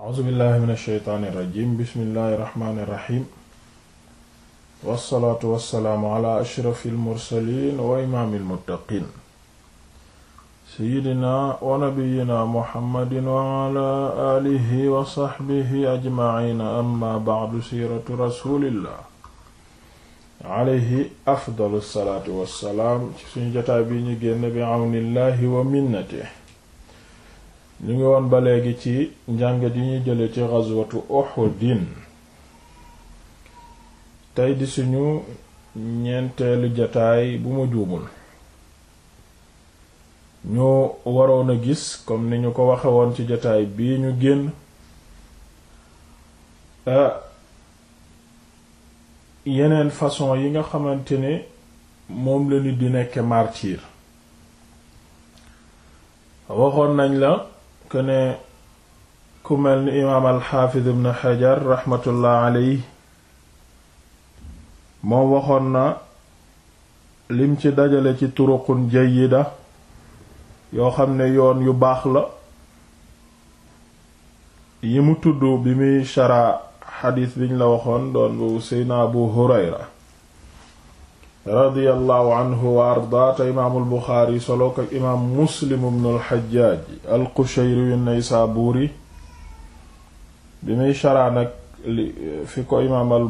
auzubillahi min alsheytaani irrajim bismillahi irrahmani irrahim wassalaatu wassalaamu ala ashrafi almursalin wa imaami almuttaqin seyidina wa nabiyina muhammadin wa ala aalihi wa saxbihi ajmaciina amma bacdu siiratu rasulillah alayhi afdalu salaatu wassalaam ci suñu jotaay bi ñu génn bi awnillahi wa minnatihi ñu ngi woon ba léegi ci njàngat yi ñu jële ci ghazwatu Uhudin tey di suñu ñeenteelu jataay bu mu juumul ñu waroon a gis comme ni ñu ko waxe woon ci jataay bii ñu génn yeneen façon yi nga xamante ne moom la nit di nekk martyr waxoon nañ la que ku mel ni imaam alxaafid ibn xajar raxmatullah moom waxoon na lim ci dajale ci turuqun jayyida yoo xam ne yoon yu baax la yi mu tudd bi muy shara xadiis biñ la waxoon doon bu seyna abu hurayra radiyallahu anhu wa ardaa te imaamul buxaari solo muslim ibnul xajjaaj alqushayri naysaabuuri bi muy sharaa nag li fi ko imaam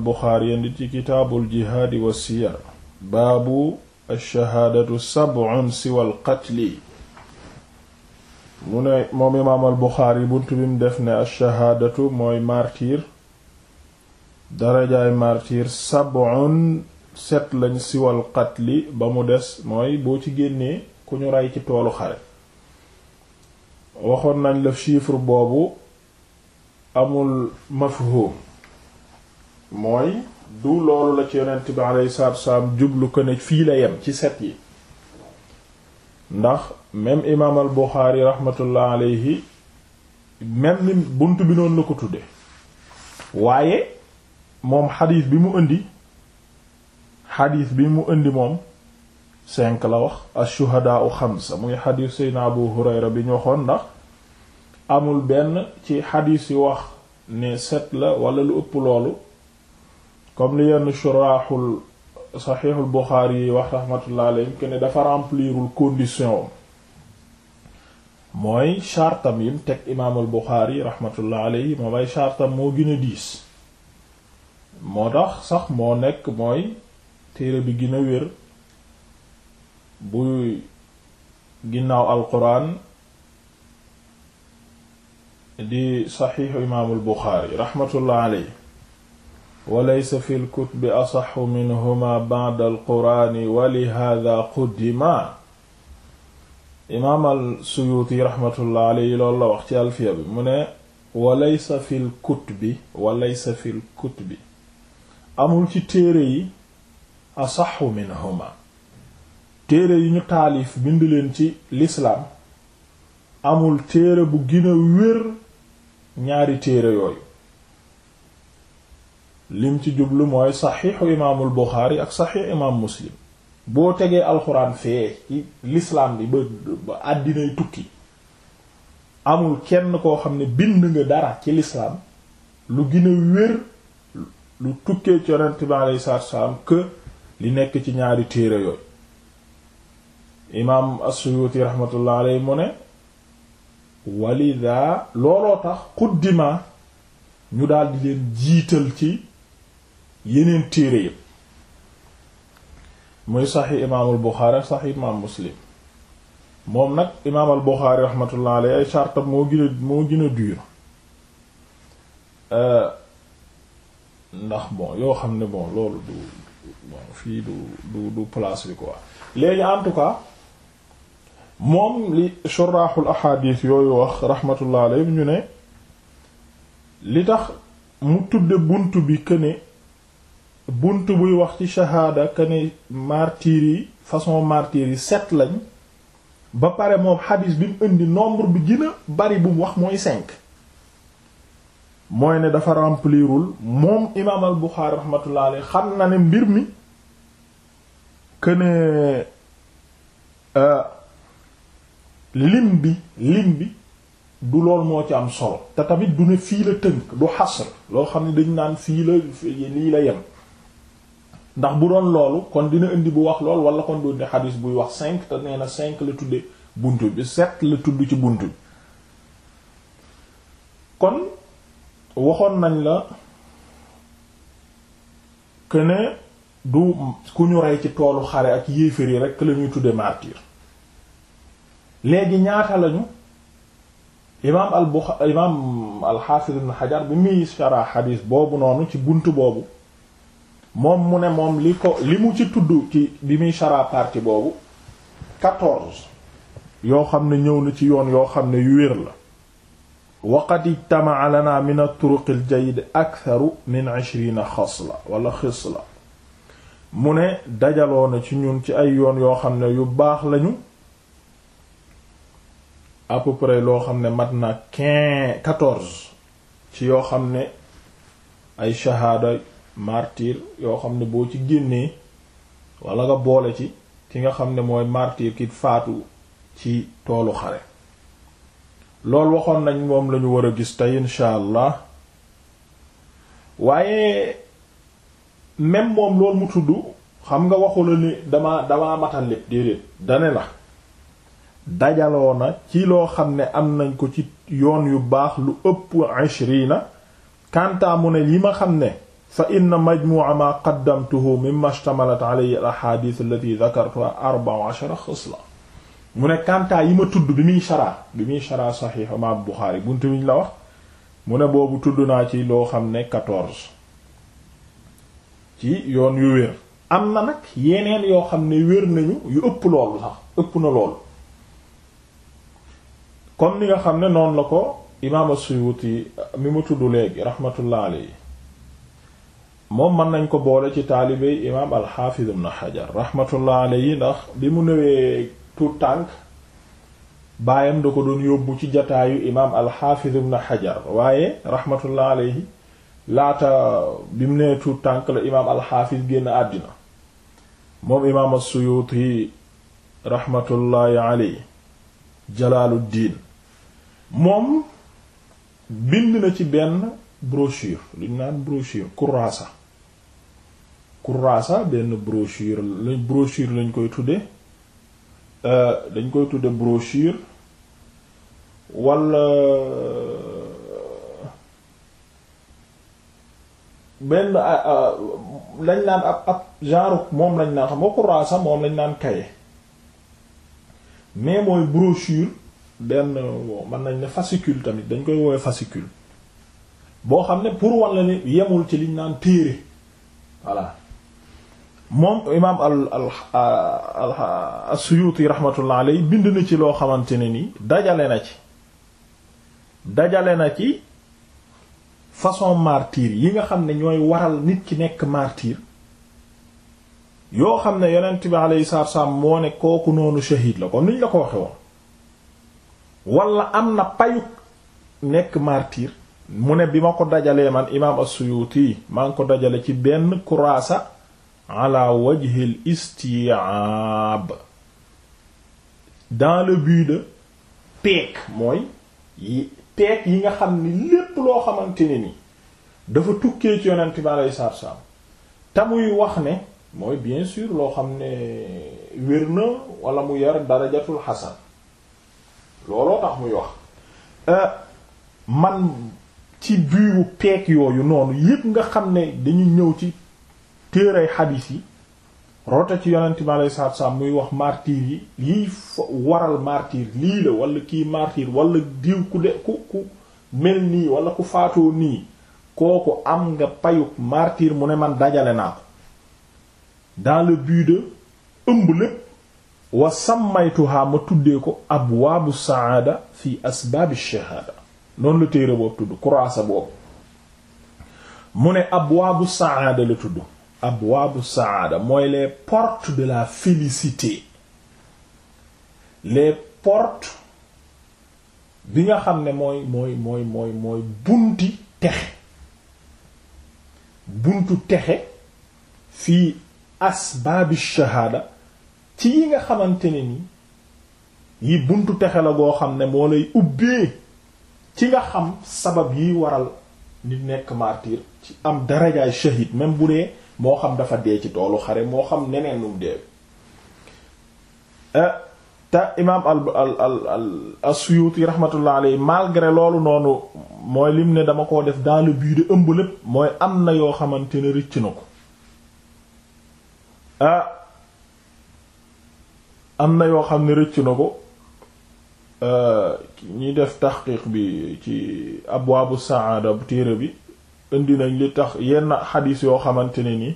baabu ash-shahaadatu sab'un siwal set lañ siwal qatli ba mu des mooy boo ci génnee ku ñu rey ci toolu xare waxoon nañ la chiffre boobu amul mafhum mooy du loolu la ci yonent bi alayhi salaatu wassalaam jublu ko ne fii la yem ci set yi ndax même imaam al Buxaari alayhi même ni bunt bi noonu la ko tudde waaye moom xadiis bi mu indi xadiis bi mu indi moom cinq la wax ashuhadaa u xamsa muy xadiis Seydina Abu Hurayra bi ñu waxoon ndax amul benn ci xadiis yi wax ne set la wala lu ëpp loolu comme li yenn shuraaxul saxiixul Buxaari yi wax raxmatullah alayhi que ne dafa moom ay chartam moo gën a diis moo tax sax moo nekk mooy téere bi gën a wér buy ginnaaw alquran di saxiixu imaamul buxaari raxmatullah aley walaysa fi lkutubi asaxu minhuma bacd alquraani walihada quddima imaam al suyuuti raxmatullah aley loolu la wax ci alfiya bi mu ne walaysa fi lkutubi walaysa fi lkutubi amul ci téere yi asaxu minhuma téere yi ñu taalif bind leen ci lislaam amul téere bu gën a wér ñaari téere yooyu lim ci jublu mooy saxiixu imaamul buxaari ak saxiix imaam muslim boo tegee alxuraan fee ci lislaam bi ba àddinay tukki amul kenn koo xam ne bind nga dara ci lislaam lu gën wér lu tukkee ci yonent bi alayhi salaam que li nekk ci ñaari téere yooyu imaam as-Suyuti rahmatullah alayhi mu ne walida looloo tax xuddima ñu daal di leen jiital ci yeneen téere yëpp muy saxi imaamul Buxaari saxi imaam Muslim moom nag imaamal Buxaari rahmatullah alayhi ay chartam moo gën a moo gën a dur euh, ndax bon yoo xam ne bon loolu fii du du du place bi quoi léegi en tout cas moom li shurahul ahadith yooyu wax rahmatullah alayhi ñu ne li tax mu tudde bunt bi këne bunt buy wax ci shahaada këne martyrs façon martyrs yi sept lañ ba pare moom xadiis bi mu indi nombre bi gën bari bu mu wax mooy cinq mooy ne dafa remplirul moom imaam al Buxaari rahmatullah alayhi xam na ne mbir mi que ne euh, lim bi lim bi du lool moo ci am solo te tamit du ne fii la tënk du xasr loo xam ne dañ naan fii la lii la yem ndax bu doon loolu kon dina indi bu wax lool wala kon du ne xadis buy wax cinq te nee na cinq la tudde buntu bi sept la tudd ci buntu bi kon waxoon nañ la que ne du ku ñu rey ci toolu xare ak yéefar yi rek la ñuy tudde martyr léegi ñaata lañu imaam al Buxaari imaam al bi muy shara xadiis boobu noonu ci bunt boobu moom mu ne moom li ko li mu ci tudd ci bi muy shara partie boobu quatorze yoo xam ne ñëw na ci yoon yoo xam ne yu wér la waqad ijtama'a lana min at-turuq al-jayyid aktharu min 'ishrina xasla wala la mu ne dajaloo na ci ñun ci ay yoon yoo xam ne yu baax lañu à peu loo xam ne mat na quinze quatorze ci yoo xam ne ay shahaada martir yoo xam ne boo ci génnee wala nga boole ci ki nga xam ne mooy martyr ki faatu ci toolu xare loolu waxoon nañ moom lañu war a gis tey incha allah waaye même moom loolu mu tudd xam nga waxu la ni dama dama matal lépp déedéet dane la dajaloo na ci loo xam ne am nañ ko ci yoon yu baax lu ëpp ishrina kantaa mu ne yi ma xam ne fa inna majmu'a ma qaddamtuhu mimma ishtamalat alayhi al ahadith allati dhakartuha arba'a ashara mu ne kantaa yi ma tudd bi muy sharaa bi muy sharaa saxiix imaam Buxaari bunt bi ñu la wax mu ne boobu tudd naa ci loo xam ne quatorze ci yoon yu wér am na nag yeneen yoo xam ne wér nañu yu ëpp loolu sax ëpp na loolu kon ni nga xam ne noonu la ko imaam Suyuuti mi mu tudd léegi rahmatullah alayhi moom mën nañ ko boole ci taalibe imaam al na ibn Hajar rahmatullah yi ndax bi mu newee tout tànk baayam da ko doon yóbbu ci jataayu imaam alxaafiz ibn xajar waaye rahmatullah laata bi mu nee tout tànk la imaam alxaafiz génn àddina moom imaam as-suyuuti rahmatullahi aleyhi jalaaluddiin moom bind na ci benn brochure lu ñu naan brochure kuraasa kuraasa benn brochure lañ brochure lañ koy tuddee Euh, dañ koy tudde brochure walla euh, benn euh, lañ naan ab ab genre moom lañ naan xam nga xuraasa moom lañ naan kaye mais mooy brochure benn mën nañ ne fascicule tamit dañ koy woowee fascicule boo xam ne pour wan la ne yemul ci liñ naan téere voilà moom imaam al al al as-Suyuti rahmatullah bind na ci loo xamante ne ni dajale na ci dajale na ci façon martyr yi nga xam ne ñooy waral nit ki nekk martyr yoo xam ne yonent bi alayhi salaatu wassalaam moo ne kooku noonu shahid la comme niñ la ko waxe woon wala am na payuk nekk martyr mu ne bi ma ko dajalee man imaam as-Suyuti maa ngi ko dajale ci benn kuraasa ala wajhil istiab dans le but de peek mooy peek yi nga xam ni lépp loo xamante ne ni dafa tukkee ci yonent bi alayhi salaatu salaam te muy wax ne mooy bien sûr loo xam ne wér na wala mu yar darajatul xasan looloo tax muy wax euh, man ci biiru peek yooyu noonu yépp nga xam ne dañuy ñëw ci téeray xadiis yi roota ci yonent bi alayhi salaatu salaam muy wax martyr yi lii waral martyr lii la wala kii martyr walla diw ku de ku ku mel nii wala ku faatoo nii kooku am nga payuk martyr mu ne man dajale naa ko dans le but de ëmb lépp wa sammaytuhaa ma tuddee ko abwaabu saada fi asbaabi shahaada noonu la téere boobu tudd kuraasa boobu mu ne abwaabu saada la tudd abwaabu saada mooy les portes de la félicité les portes bi nga xam ne mooy mooy mooy mooy bunti texe buntu texe fii asbaabi shahaada ci yi nga xamante ni yi buntu texe la goo xam ne moo lay ubbee ci nga xam sabab yi waral nit nekk martyr ci am darajaay shahid même bu dee moo xam dafa dee ci toolu xare moo xam neneen num dee eh, te imaam al al al as-Suyuti rahmatullah alayhi loolu noonu mooy lim ne dama koo def dans le but ëmb lépp mooy am na yoo xamante ne rëcc ko ah na yoo xam ne rëcc na ko eh, ñuy def taxqiq bi ci abwaabu saada bu téere bi indi nañ li tax yenn xadiis yoo xamante ne ni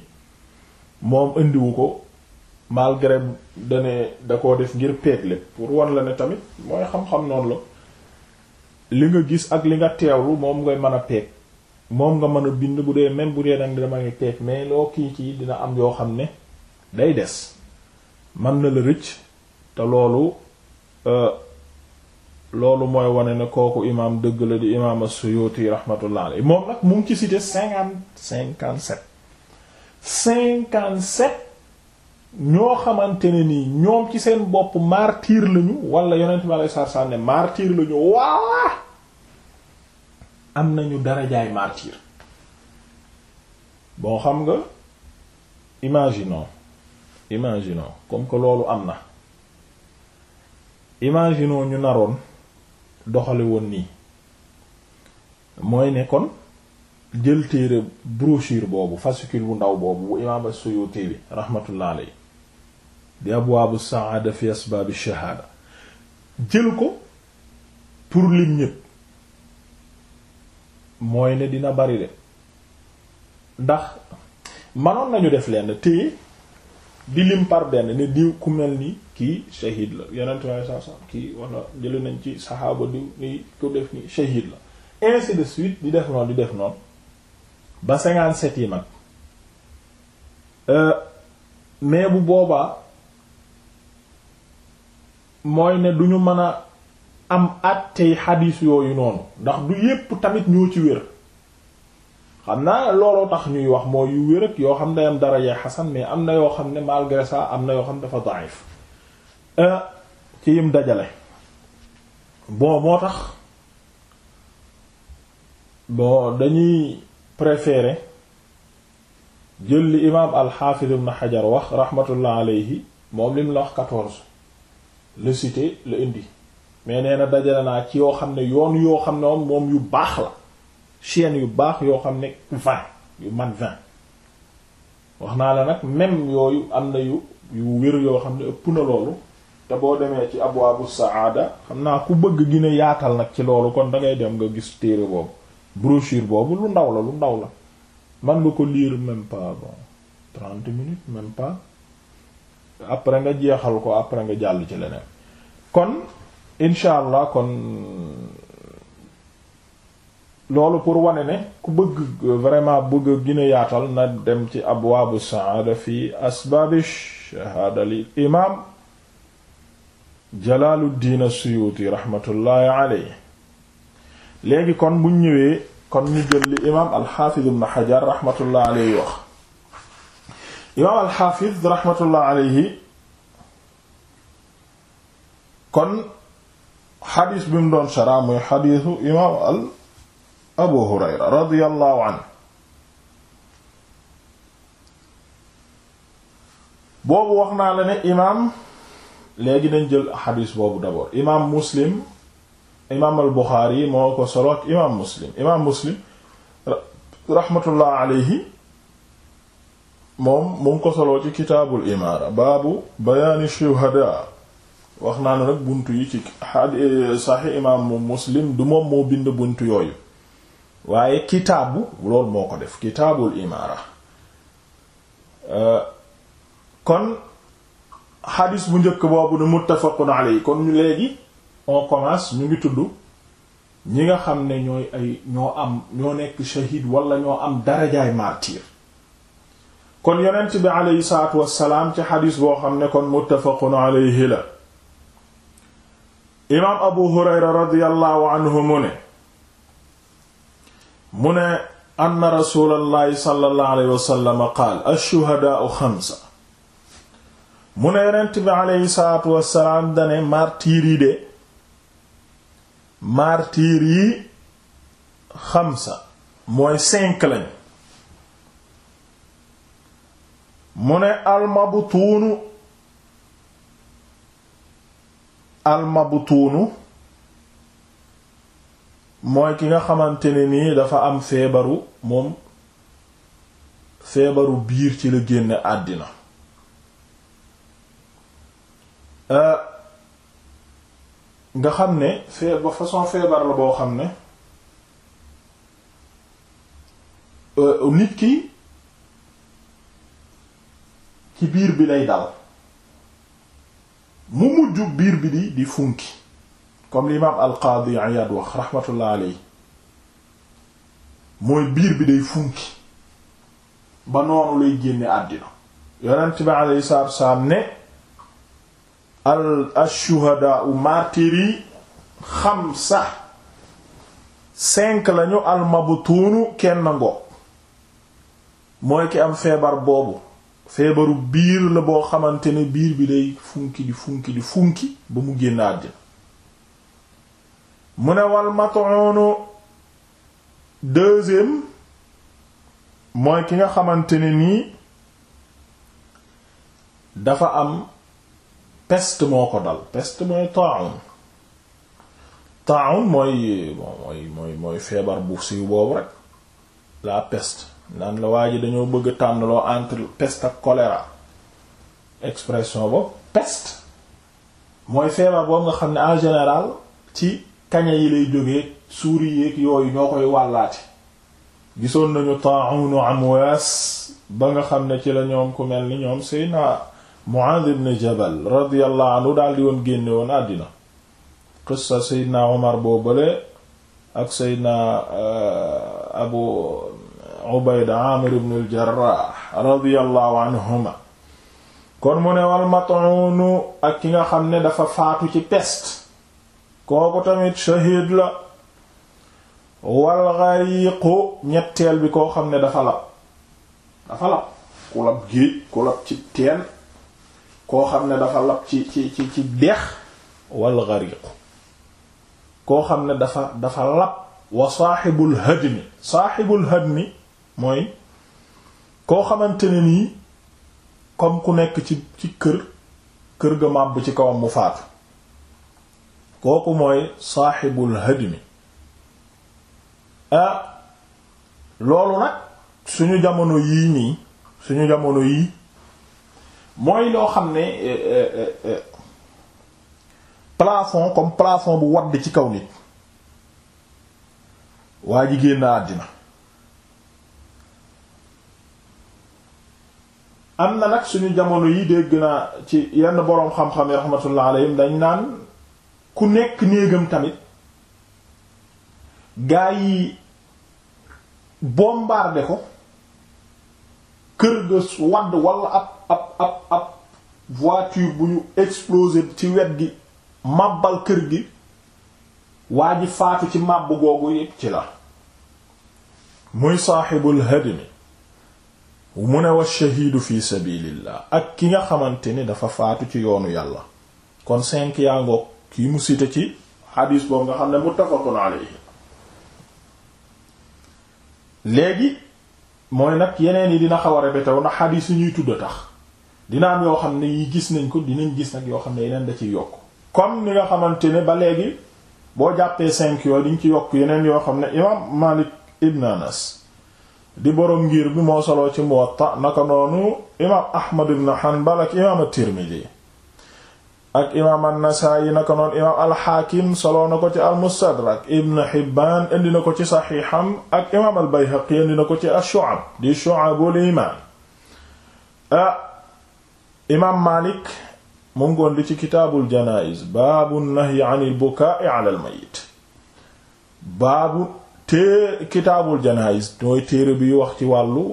moom indiwu ko malgré dane da ko def ngir peeg lépp pour wan la ne tamit mooy xam-xam noonu la li nga gis ak li nga teewlu moom ngay mën a peeg moom nga mën a bind bu dee même bu dee nag dama ngi peeg mais loo kii kii dina am yoo xam ne day des man na la rëcc te loolu euh, loolu mooy wane ne kooku imaam dëgg la di imaam as-Suyuti rahmatullah moom nag mu ngi ci cité cinquante cinquante sept cinquante sept ñoo xamante ne nii ñoom ci seen bopp martyr lañu wala yonent bi alayhi salaam ne martyr lañu waa am nañu darajaay martyr bon xam nga imagino imagino comme que loolu am na imagino ñu naroon doxale woon nii mooy nekkoon kon jël téere brochure boobu fascicule bu ndaw boobu bu imaam as-Suyuti bi rahmatullah alayhi di abwaabu saada fi asbaabi shahaada jël ko pour lim ñépp mooy ne dina bari de ndax manoon nañu def lenn téye di lim par benn ne diw ku mel ni kii shahid la yenente waaye sa kii wala jëli nañ ci saxaaba di ni ko def ni shahid la ainsi de suite di def noonu di def noonu ba cinquante-sept yi mag euh, mais bu boobaa mooy ne ñu mën a am àttey xadiis yooyu noonu ndax du yépp tamit ñoo ci wér xam naa looloo tax ñuy wax mooy yu wér ak yoo xam ne dara yee xasan mais am na yoo xam ne malgré ça am na yoo xam dafa daif Euh, ci yim dajale bon moo tax bon dañuy préférer jël li imaam al-Hafiz ibn Hajar wax rahmatullah alayhi moom lim la wax quatorze le cité le indi mais nee dajale naa ci yoo xam ne yoon yoo xam ne moom yu baax la chaîne yu baax yoo xam ne vingt yu man vingt wax naa la nag même yooyu am na yu yu wér yoo xam ne ëpp na loolu te boo demee ci abwaabu saada xam naa ku bëgg gine yaatal nag ci loolu kon dangay dem nga gis téere boobu brochure boobu lu ndaw la lu ndaw la man nga ko liir même pas bon trente minutes même pas après nga jeexal ko après nga jàll ci leneen kon incha allah kon loolu pour wane ne ku bëgg vraiment bëgg gine yaatal na dem ci abwaabu saada fi asbaabi shahaada lil jalaaluddiin as-suyuuti raxmatullaahi léegi kon bu ñëwee kon ñu jël li imaam alxaafiz ibn xajar raxmatullaahi wax imaam alxaafiz raxmatullaahi aleyhi kon xadiis bi mu doon sharaa muy xadiisu imaam al abu hurayra radiyallaahu anhu boobu wax naa la ne imaam léegi nañ jël xadiis boobu d'abord imaam muslim imaam al buxaari moo ko solo ak imaam muslim imaam muslim rahmatullah alayhi moom mu ko soloo ci kitaabul imaara baabu bayaani shuhada wax naa ne nag bunt yi ci saxi imaamu muslim du moom moo bind bunt yooyu waaye kitaabu loolu moo ko def kitaabul imaara euh, kon xadis bu njëkk boobu ne muttafaqun alayhi kon ñu léegi on commence ñu ngi tudd ñi nga xam ne ñooy ay ñoo am ñoo nekk shahid wala ñoo am darajaay martyr kon yonent bi aleyhi salaatu wassalaam ci xadis boo xam ne kon muttafaqun alayhi la imaam abu hurayra radiyallahu anhu mu ne mu ne anna rasulallahi sallallahu alayhi qaal mu ne yonent bi aleyhi wassalaam dane martiir yi de martiir yi xamsa mooy cinq lañ mu ne almabtuunu almabtuunu mooy ki nga xamante ne nii dafa am feebaru moom feebaru biir ci la génn àddina Euh, nga xam ne feebar façon feebar la boo xam ne euh, nit ki ci biir bi lay dal mu mujj biir bi di di funki comme l'imam al-Qadi Iyad wax rahmatullah mooy biir bi day funki ba noonu lay génne àddina yonent bi alayhi salaatu wa ne al ashuhadaa u martyrs yi xamsa cinq lañu al mabtuunu kenn ngo mooy ki am feebar boobu feebaru biir la boo xamante ne biir bi day funki di funki di funki ba mu génn àddina mu ne wal mat'uunu mooy ki nga xamante ni nii dafa am peste moo ko dal peste mooy taa'un taa'un mooy mooy mooy feebar bu siiw boobu rek la peste naan la waa ji dañoo bëgg a tànnaloo entre peste ak choléra expression boobu peste mooy feebar boobu nga xam ne en général ci kaña yi lay jógee souris yeeg yooyu ñoo koy wàllaati gisoon nañu taa'unu Amwaas ba nga xam ne ci la ñoom ku mel ni ñoom sëy Muaaz ibn Jabal radiyallahu daal di woon génne woon àddina qissa Seydina Omar boobale ak Seydina uh, Abu Ubayda Aamir ibn al-Jarraah anhuma kon mu ne wal mat'uunu ak ki nga xam ne dafa faatu ci peste kooku tamit shahiid la wal ghariiqu ñetteel bi koo xam ne dafa lab dafa lab ku lab géej ci teen koo xam ne dafa lab ci ci ci ci dex wal gariiqu koo xam ne dafa dafa lab wa saaxibul hadmi saaxibul hadmi mooy koo xamante ne nii comme ku nekk ci ci kër kër ga màbb ci kawam mu faatu kooku mooy saaxibul hadmi ah loolu nag suñu jamono yii nii suñu jamono yii mooy loo xam ne euh, euh, euh, plafond comme plafond bu wadd ci kaw nit waa ji génn àddina am na nag suñu jamono yi dégg na ci yenn boroom xam-xam yi rahmatullah alayhim dañ naan ku nekk néegam tamit gaa yi bombardé ko kër ga wadd walla ab ab ab ab voiture bu ñu explosé ci wet gi màbbal kër gi waa ji faatu ci màbb googu yépp ci la muy saaxibul hadimi mu ne wa shahiidu fi sabilillah ak ki nga xamante ni dafa faatu ci yoonu yàlla kon cinq yaa ngoog kii mu site ci xadiis boobu nga xam ne muttafaqun alayhi léegi mooy nag yeneen yi dina xaw a répété wu ndax yi ñuy tudd a tax dinaan am yoo xam ne yi gis nañ ko dinañ gis nag yoo xam ne yeneen da ci yokk kon ni nga xamante ne ba léegi boo jàppee cinq yooyu diñ ci yokk yeneen yoo xam ne imaam Malik ibn Anas di boroom ngir bi moo soloo ci Muwatta naka noonu imaam Ahmad ibn Hanbal ak imaam at-Tirmidhi ak imaam an-Nasaa'i naka noonu imaam al-Haakim soloo na ko ci al-Mustadrak Ibn Hibbaan indi na ko ci Saxiixam ak imaam al-Bayhaqi indi na ko ci ash-Shu'ab di Shu'abul Iimaan imaam Maalik mu ngoon li ci kitaabul janaa'iz baabu nahyi anil bukaa'i alal mayit baabu te kitaabul janaa'iz mooy téere bi wax ci wàllu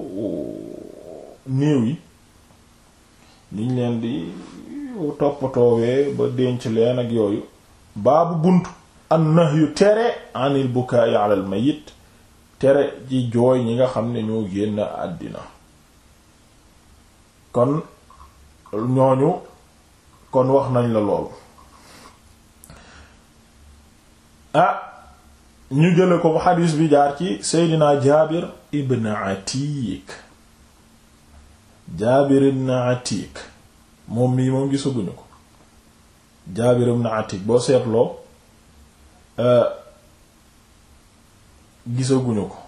néew yi niñ leen di toppatoowee ba denc leen ak yooyu baabu bunt an nahyu tere anil bukaa'i alal mayit tere ci jooy ñi nga xam ne ñoo génn àddina kon ñooñu kon wax nañ la loolu ah ñu jële ko bu xadiis bi jaar ci seydina jaabir ibn atiik jaabir ibn atiik moom mii moom gisaguñu ko jaabir ibn atiik boo seetloo ah, gisaguñu ko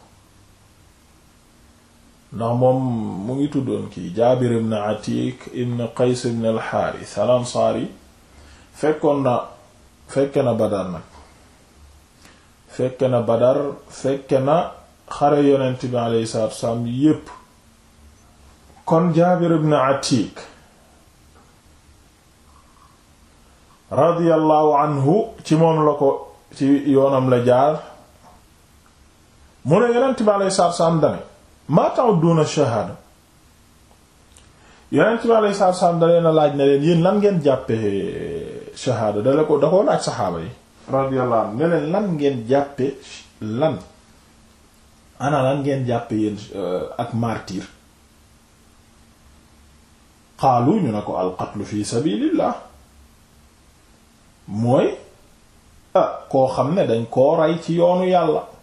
ndax moom mu ngi tuddoon kii Jaabir ibn Atiik ibn Qays ibn al-Haaris al fekkoon na fekke na Badar nag fekke na Badar fekke na xare yonent bi alayhi salaatu wassalaam yépp kon Jaabir ibn Atiik radiyallahu anhu ci moom la ko ci yoonam la jaar mu ne yonent bi alayhi salaatu wassalaam dane maa ta'udduna shahaada yonent bi alayhi salaatu salaam da leen a laaj ne leen yéen lan ngeen jàppee eh, shahaada da ko da koo laaj saxaaba yi radiyallahu anhu ne leen lan ngeen jàppee lan ana ngeen jàppee yéen eh, ak martyr xaalu ñu ne ko al qatlu fi sabilillah mooy ah koo xam ne dañ koo rey ci yoonu yàlla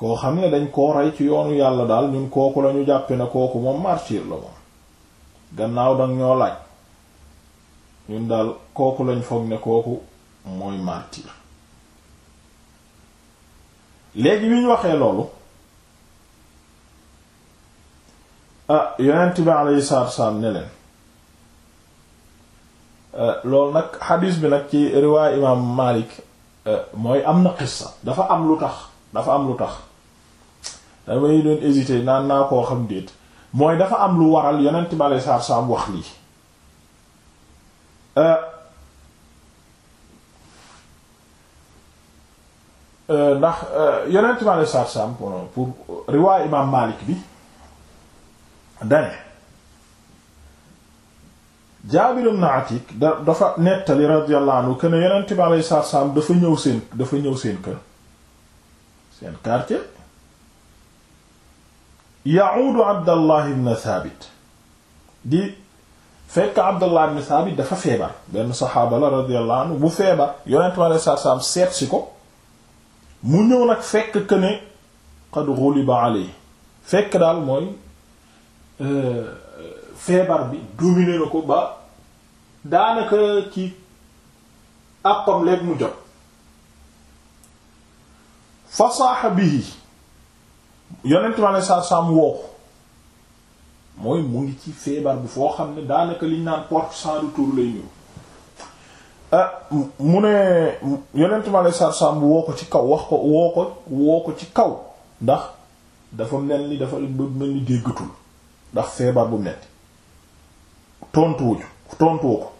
koo xam ne dañ koo rey ci yoonu yàlla daal ñun kooku lañu jàppe na kooku moom martyr la moom gannaaw dang ñoo laaj ñun daal kooku lañ foog ne kooku mooy martyr léegi bi ñu waxee loolu ah yonent bi alayhi salaatu wasalaam ne leen ah, loolu nag xadiis bi nag ci riwaay imaam Maalik ah, mooy am na qissa dafa am lu tax dafa am lu tax damay doon hésité naan naa koo xam déet mooy dafa am lu waral yonent bi aleyhi salaatu wax lii euh, euh, ndax euh, yonent bi aleyhi salaatu pour riwaay imaam Maalik bi dane Jaabir ibn Atiik dafa nettali radiyallahu anhu que ne yonent bi aleyhi salaatu dafa ñëw seen dafa ñëw seen kër seen quartier yaudu abdallah ibn thabit di fekk abdallah ibn thabit dafa feebar benn saxaaba la radiyallahu anhu bu feebar yonent mi alayhi salaatu salaam seet si ko mu ñëw nag fekk que ne qad ghuliba alayhi fekk daal mooy euh, feebar bi dominé na ko ba daanaka ci àppam léegi mu jot fa saaxa bihi yonent bi alei satu salaam woo ko mooy mu ngi ci feebar bu foo xam ne daanaka liñ naan porte sans retour lay ñëw ah, mu ne woo ko ci kaw wax ko woo ko woo ko ci kaw ndax dafa mel ni dafa mel ni déggatul ndax feebar bu metti tontuwuju tontuwu ko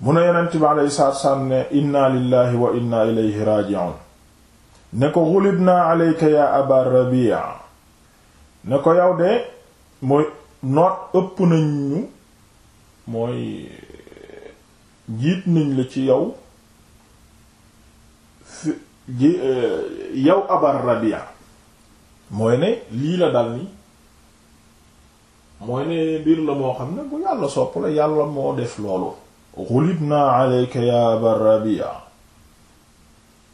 mu ne yonent bi alei satu salaam ne inna lillahi wa inna ilayhi raji'un ne ko gulibna alayka ya aba rabia ne ko yaw de mooy noot ëpp nañ ñu mooy jiit nañ la ci yow fi ji eh, yow abar rabia mooy ne lii la dal ni mooy ne mbir la moo xam ne bu yàlla sopp la yàlla moo def loolu gulibna alayka ya aba rabia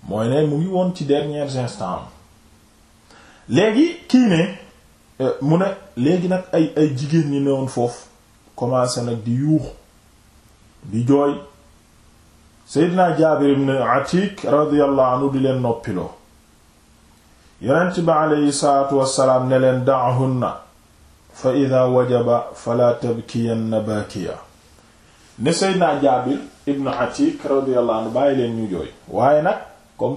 mooy ne mu ngi woon ci derniers instants léegi kii ne euh, mu ne léegi nag ay ay jigéen ñi newoon foofu commencé nag di yuux di jooy Seydina Jaabir ibn Atik radiyallahu anhu di leen noppiloo yonent bi aleyhi salaatu wassalaam ne leen da'hunna fa ida wajaba fala tabkiyanna baakiya ne Seydina Jaabir ibn Atik radiyallahu anhu bàyyi leen ñu jooy waaye nag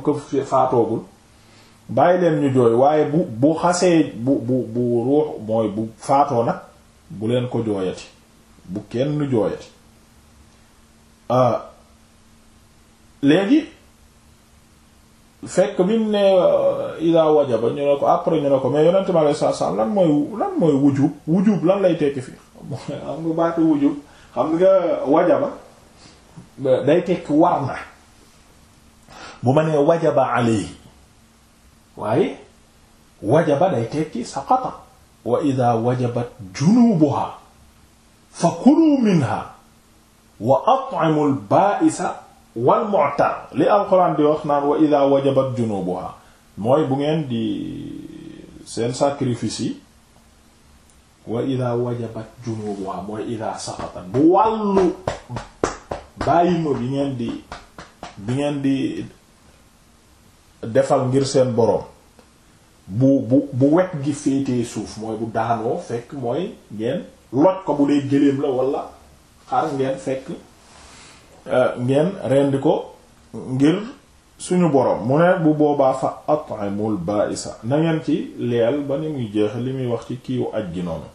comme que faatoogul bàyyi leen ñu jooy waaye bu bu xasee bu bu bu ruux mooy bu faatoo nag bu leen ko jooyati bu kenn jooyati ah, léegi fekk bi nu ne euh, ida wajaba ñu ne ko après ñu ne ko mais yonente mi alei satu lan mooy lan mooy wujub wujub lan lay tekki fi xam nga baatu wujub xam nga wajaba day tekki war na bu ma nee wajaba alay waaye wajaba day tekki saqata ida wajabat junubuha fa kulu minha wa at'imul ba'isa wal alquran di wax naan ida wajabat junubuha mooy bu ngeen di seen sacrifice yi ida wajabat junubuha mooy ida saqata bu wàllu bàyyima bi ngeen ngeen di defal ngir seen boroom bu bu bu wet gi féetee suuf mooy bu daanoo fekk mooy ngeen loj ko bu dee gëléem la walla xar ngeen fekk euh, ngeen rendi ko ngir suñu boroom mu ne bu boobaa fa at'imul ba'isa sax nangeen ci leel ba ni muy jeex li muy wax ci kiiw aj gi noonu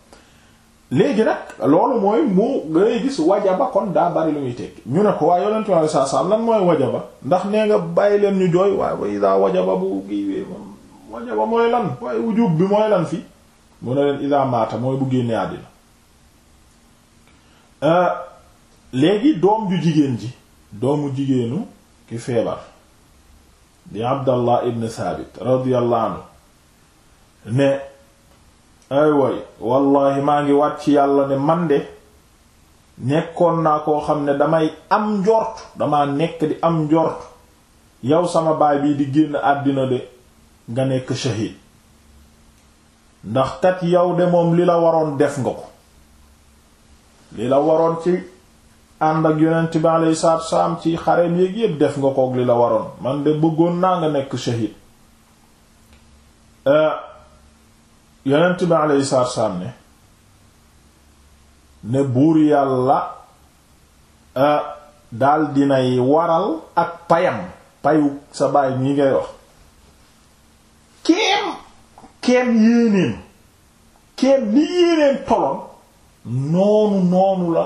léegi nag loolu mooy mu ngay gis wajaba kon daa bari lu muy tekki ñu ne ko waaye yonent bi sallallahu alayhi wasallam lan mooy wajaba ndax nee nga bàyyi leen ñu jooy waaye wa idaa wajaba bu giiwee moom wajaba mooy lan waaye wujub bi mooy lan fii mu ne leen idaa maata mooy bu génnee àddina euh, léegi doom ju jigéen ji doomu jigéenu ki feebar di Abdallah ibn Saabit radiyallahu anhu ne ay way wallahi maa ngi waat ci yàlla ne man de nekkoon naa koo xam ne damay am njort damaa nekk di am njort yow sama baay bii di génn àddina de nga nekk shahid ndax kat yow de moom li la waroon def nga ko li la waroon ci ànd ak yonent bi alayhi salaatu salaam ci xareem yéeg yépp def nga ko li la waroon man de bëggoon naa nga nekk shahid euh, yeneen bi alayhi salaatu salaam ne ne buur yàlla dal dinay waral ak payam payu sa baay ñi ngay wax keem keem yéenéem keem ni yéenéem tolon noonu noonu la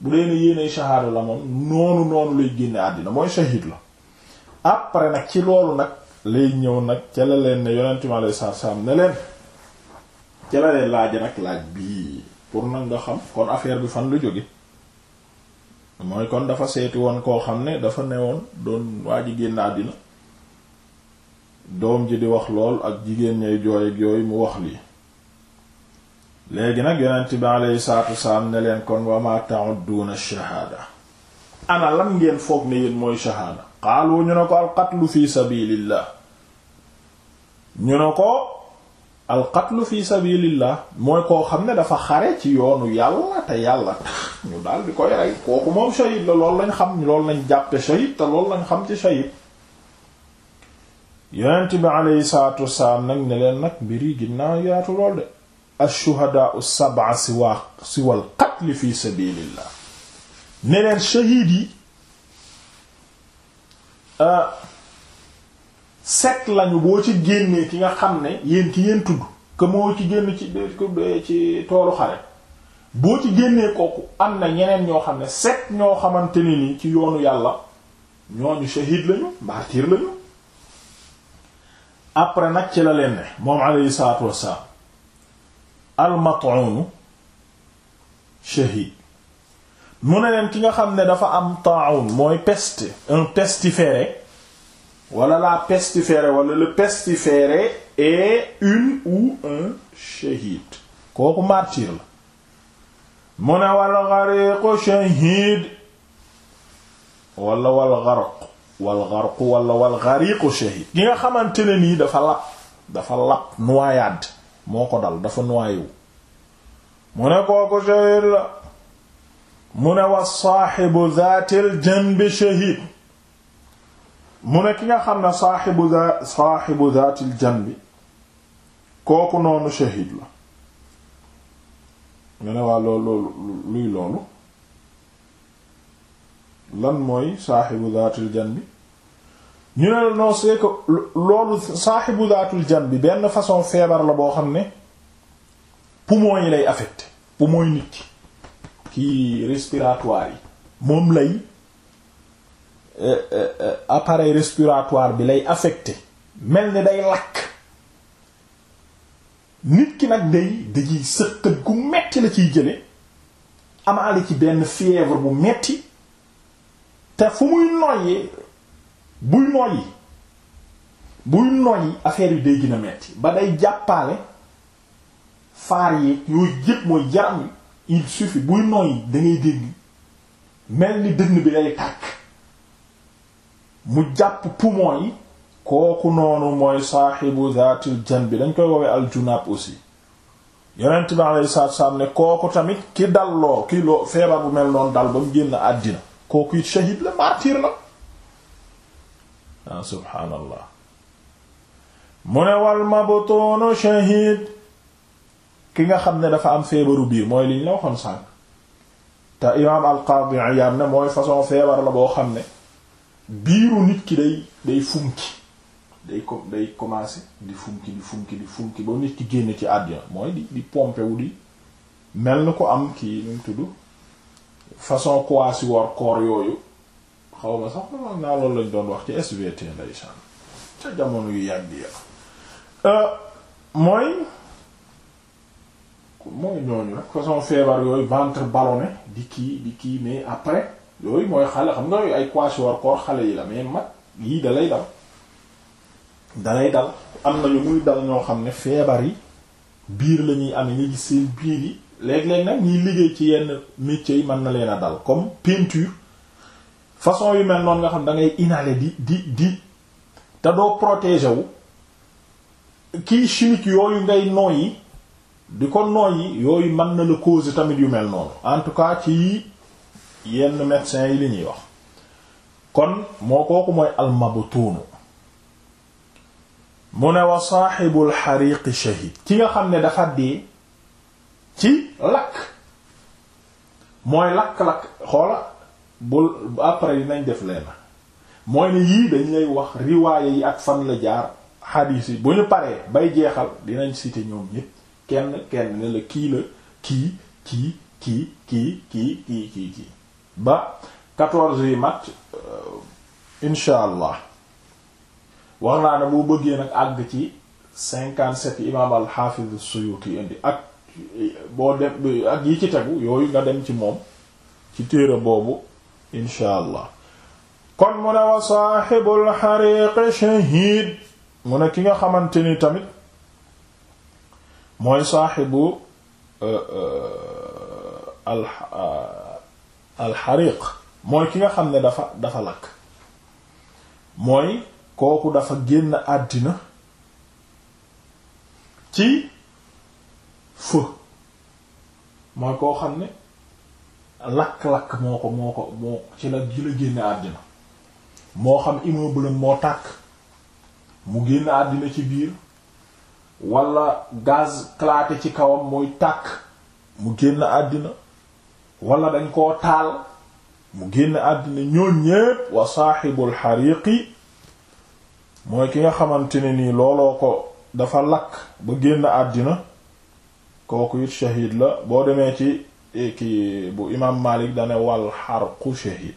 bu dee ne yéenay shahaada la moom noonu noonu lay génne àddina mooy shahid la après nag ci loolu nag lay ñëw nag ca leen ne yonent mi alayhi salaatu salaam laaj nag laaj bii pour nag nga kon affaire bi fan lu jóge mooy kon dafa seeti woon koo xam ne dafa ne woon doon waa doom ji di wax lool ak jigéen ñay jooy ak mu wax lii léegi nag yonent bi alayhi salaatu salaam leen kon wa ma ta'udduna shahaada ana lan ngeen foog ne yéen mooy shahaada xaalu ñu ne ko alqatlu fi sabilillah ñu ne ko alqatlu fi sabilillah mooy koo xam ne dafa xare ci yoonu yàlla te yàlla tax ñu daal di koy rey kooku moom shahid la loolu lañ xam loolu lañ jàppe shahid te loolu lañ xam ci shahid yonent bi aleyhi salatu wassalaam nag ne leen qatli fi sabilillah ne leen shahid yi Euh, set lañu boo ci génnee ki nga xam ne yéen ki yéen tudd que ci génn ci ci toolu xare boo ci génnee kooku am na ñeneen ñoo xam ne set ñoo xamante ni ni ci yoonu yàlla ñooñu shahid lañu martyr lañu après nag ci la leen ne moom alayhi salaatu wassalaam al mat'un shahid mu ne leen ki nga xam ne dafa am taawun mooy peste un pestiféré wala la pestiféré wala le pestifere est une ou un shahid kooku martyr la mu ne walla gharaqu shahid wala wal gharaq shahid ki nga xamante ne nii dafa lap dafa lap noyade moo ko dal dafa noyé mu ne kooku shahid la mu ne wa saaxibu zaatil janbi shahiid mu ne ki nga xam ne saaxibu za saaxibu zaatil janbi kooku noonu shahiid la nga ne waa luy loolu lan mooy saaxibu zaatil janbi ñu ne non c'est que loolu saaxibu zaatil janbi benn façon feebar la boo xam ne poumon lay affecté poumon nit ki kii respiratoire yi moom lay euh, euh, euh, appareil respiratoire bi lay affecté mel ni day lakk nit ki nag day dajiy sëqët gu metti la ciy jële amaale ci benn fièvre bu metti te fu muy noyyee buy noyyi buy noyyi affaire yi day gën a metti ba day jàppaale faar yi yooyu yëpp mooy jaram yi il suffit buy noyyi da ngay dégg mel ni dënn bi lay tàkk mu jàpp poumon yi kooku noonu mooy saaxibu zaatil jan bi dañ koy woowee aljunaab aussi yonent bi alayhi salaatu salaam ne kooku tamit ki dal loo ki loo feebar bu mel noonu dal ba mu génn àddina kooku it shahid la martyr la ah subhaanallah mu ne wal mabtuunu shahid ki nga xam ne dafa am feebaru biir mooy li ñu la waxoon sànq te imaam al-Qadi Iyaad ne mooy façon feebar la boo xam ne biiru nit ki day day funki day ko day commencer di funki di funki di funki ba nit ki génn ci àddina mooy di di pompe wu di mel na ko am kii nu mu tudd façon quoi si war yooyu xaw ma sax man naa loolu lañ doon wax ci SVT ndeysaan ca jamono yu yàgg ya euh, mooy. mooy ñooñu nag façon feebar yooyu ventre ballonné di kii di kii mais après yooyu mooy xale xam nga yooyu ay kwashior koor xale yi la mais mag yii dalay dal dalay dal am na yu muy dal ñoo xam ne feebar yi biir la ñuy amee nga gis biir yi léeg-léeg nag ñuy liggéey ci yenn métiers yi mën na leen a dal comme peinture façon yu mel noonu nga xam da ngay inhaler di di di te doo protéger wu kii chimique yooyu ngay nooyi di ko nooy yooyu mën na la yi tamit yu mel noonu en tout cas ci yenn médecins yi li ñuy wax kon moo kooku mooy almabtuunu mu ne wa saaxibul xariiqi shahid ki nga xam ne dafa dee ci lakk mooy lakk-lakk xoola bul après nañ def leena mooy ne yii dañ lay wax riwaaya yi ak fan la jaar xadiis yi bu ñu paree bay jeexal dinañ citer ñoom ñépp kenn kenn ne la kii la kii kii kii kii kii kii kii kii ba quatorze yi mat euh, insha allah wax naa ne boo bëggee nag àgg ci cinquante sept yi imaam al-Hafiz Suyuti indi ak boo dem ak yi ci tegu yooyu nga dem ci moom ci téere boobu insha allah kon mu ne wa saaxibul xariiqi shahiid mu ne ki nga xamante ni tamit mooy saaxibu euh, euh, al euh, alxariq mooy ki nga xam ne dafa dafa lakk mooy kooku dafa génn àddina ci fë mooy koo xam ne lakk-lakk moo ko moo ko moo ci la ji la génn àddina moo xam immeuble moo tàkk mu génn àddina ci biir wala gaz claté ci kawam muy tàkk mu génn àddina wala dañ koo taal mu génn àddina ñoo ñépp wa saaxibul xariqi mooy ki nga xamante ne nii looloo ko dafa lakk ba génn àddina kooku it shahid la boo demee ci eh, ki bu imaam Malik dane wal xarqu shahid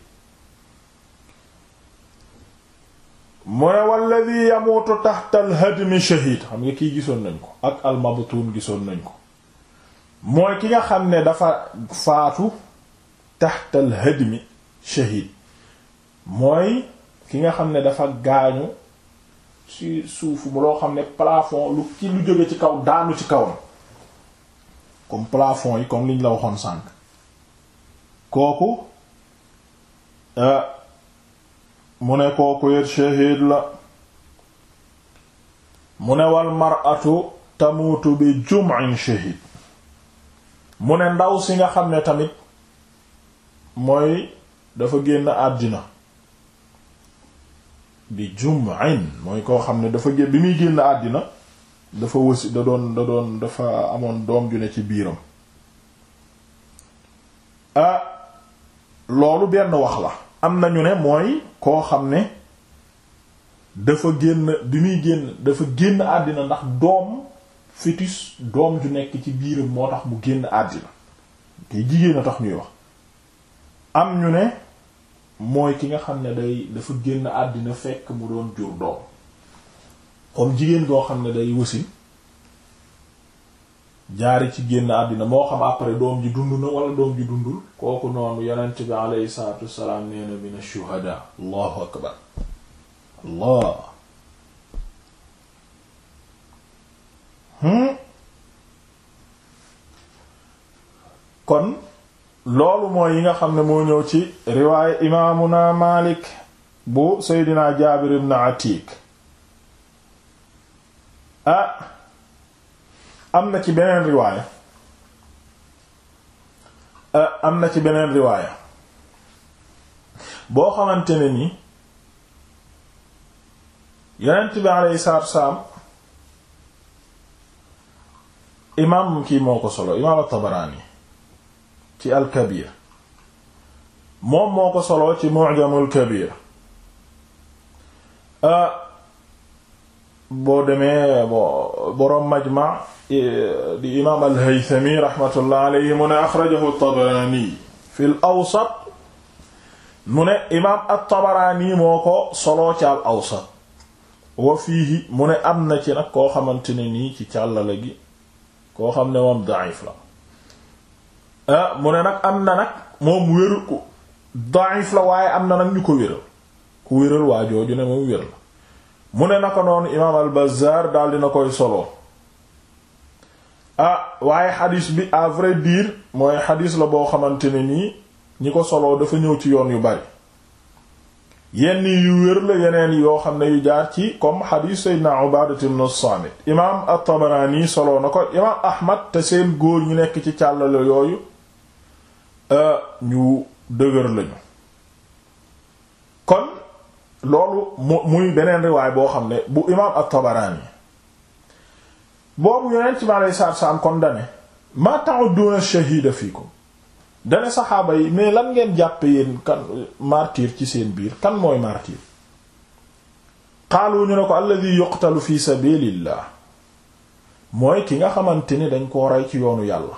mu lii walladi yamuutu taxta mi shahid xam nga kii gisoon nañ ko ak almabtuun gisoon nañ ko mooy ki nga xam ne dafa faatu taxta alhadmi shahid mooy ki nga xam ne dafa gaañu si suuf mu loo xam ne plafond lu ci lu jóge ci kaw daalu ci kawam comme plafond yi comme liñ la waxoon sànq kooku euh, mu ne kooku yit shahiid la mu ne wal mar'atu tamuutu bi jum'in shahiid mu ne ndaw si nga xam ne tamit mooy dafa génn àddina bi jum'in mooy koo xam ne dafa génn bi muy génn àddina dafa wësi da doon da doon dafa amoon doom ju ne ci biiram ah loolu benn wax la am na ñu ne mooy koo xam ne dafa génn bi muy génn dafa génn àddina ndax doom fœtus doom ju nekk ci biiram moo tax mu génn àddina kay jigéen a tax ñuy wax am ñu ne mooy ki nga xam ne day dafa génn àddina fekk mu doon jur doom comme jigéen goo xam ne day wasin jaari ci génn àddina moo xam après doom ji dund na wala doom ji dundul kooku noonu yonent bi alayhi salaatu wassalaam nee na mina shuhada allahu akbar hmm? kon loolu mooy yi nga xam ne moo ñëw ci riwaaya imaamuna Maalik bu Seydina Jaabir ibn Atiik ah am na ci beneen riwaaya euh, am na ci beneen riwaaya boo xamante ne ni yonent bi alayhi salaatu wassalaam imaam kii moo ko solo imaam at ci al-Kabiir moom moo ko solo ci Mu'jamul Kabiir euh, boo demee bo boroom Majma' di imaam al-Haythami rahmatullah alayhi mu ne axrajahu at yi fi awsat mu ne imaam at-Tabarani moo ko soloo ci al-Awsat wa fiihi mu ne am na ci nag koo xamante ne nii ci càllala gi koo xam ne moom da'if la ah mu ne nag am na nag moom wéru ko da'if la waaye am na nag ñu ko wéral ku wéral waa jooju ne moom wér la mu ne naka noonu imaam al-Bazzar daal dina koy soloo ah waaye xadis bi à vrai dire mooy xadis la boo xamante ne nii ñi ko soloo dafa ñëw ci yoon yu bari yenn yu wér la yeneen yoo xam ne yu jaar ci comme xadis Seydina Ubaadatu ibn Saamit imaam at-Tabaraani soloo na ko imaam Ahmad te seen góor ñu nekk ci càllale yooyu euh, ñu dëgër lañu kon loolu mu muy beneen riwaay boo xam ne bu imaam at-Tabaraani boobu yonent bi alayhi salaatu salaam kon dane ma ta'uddu shahida fiikum dane saxaaba yi mais lan ngeen jàppe yéen kan martyr ci seen biir kan mooy martyr xaalu ñu ne ko alladhi yuqtalu fi sabilillah mooy ki nga xamante ni dañ koo rey ci yoonu yàlla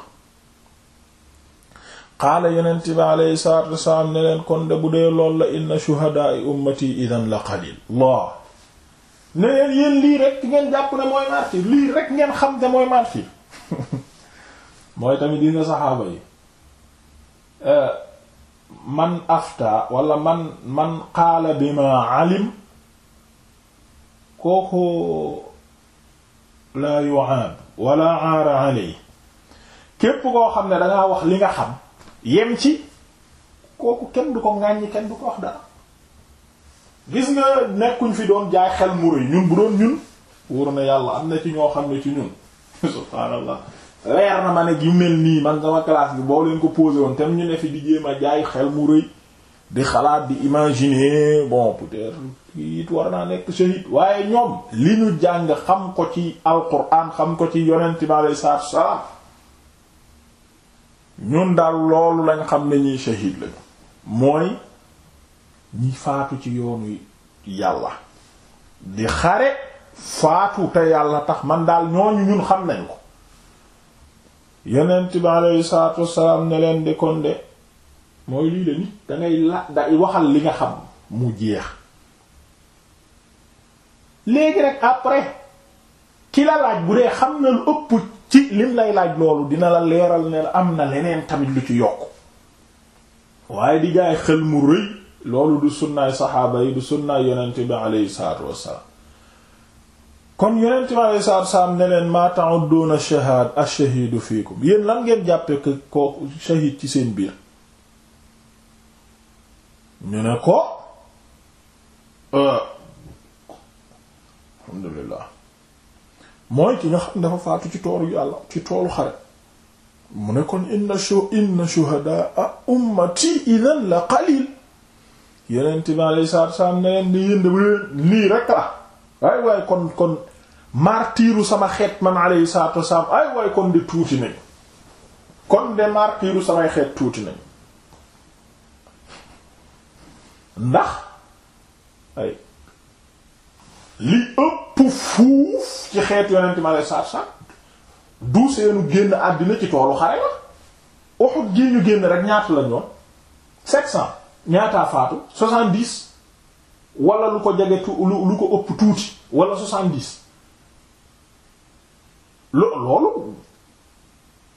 xaala yonent bi alayhi salaatu salaam ne leen kon de bu dee lool la inna shuhadaa ummati idan la qalil laa ne lii rek ngeen jàpp ne mooy martyr lii rek ngeen xam ne mooy martyr mooy tamit dina saxaaba yi euh, man afta wala man man qaala bima alim kooku la yu'ab wala aara alay képp koo xam ne dangaa wax li nga xam yem ci kooku kenn du ko ŋàññi kenn du ko wax dara gis nga nekkuñ fi doon jaay xel mu rëy ñun bu doon ñun wóor na yàlla am na ci ñoo xam ne ci ñun subhaanallah leer na ma ne gi mel nii man sama classe bi boo leen ko posé woon tam ñu ne fi di jéem a jaay xel mu rëy di xalaat di imaginer bon peut-être war naa nekk shahid waaye ñoom li ñu jàng xam ko ci alquran xam ko ci yonent bi alayhi salaatu salaam ñun daal loolu lañ xam ne ñuy lañu mooy ñi faatu ci yoonu yàlla di xare faatu te yàlla tax man daal ñooñu ñun xam nañ ko yonent bi aleyhi salaatu wassalaam ne leen kon de mooy lii la nit dangay la da waxal li nga xam mu jeex léegi rek après ki la laaj bu dee xam na lu ëpp ci lim lay laaj loolu dina la leeral ne am na leneen tamit lu ci yokk waaye di jaay xel mu rëy loolu du sunnaay saxaaba yi du sunnaay yonent bi aleyhi salaatu wassalaam kon yonent bi aleyhi salaatu wassalaam ne leen maa ta'udduuna shahaad ash-shahiidu fiikum yéen lan ngeen jàppe kooku shahiid ci seen biir ñu ne ko euh, alhamdulillah mooy ki nga xam dafa faatu ci tooru yàlla ci toolu xare mu ne kon inna shu inna shuhadaa ummati idan la qalil yonent ti alayhi salaatu salaam ne leen di yënd bu lii rek la ay waay kon kon martiru sama xeet man alayhi salaatu salaam ay waay kon de tuuti nañ kon de martiru samay xeet tuuti nañ ndax ay li ëpp fuuf ci xeet yonent bi alayhi salaatu salaam du seenu génn àddina ci toolu xare la Uhud gi ñu génn rek ñaatu la ñoon 700 ñaataa faatu soixante-dix walla lu ko jege lu lu ko ëpp tuuti wala soixante-dix lo- loolu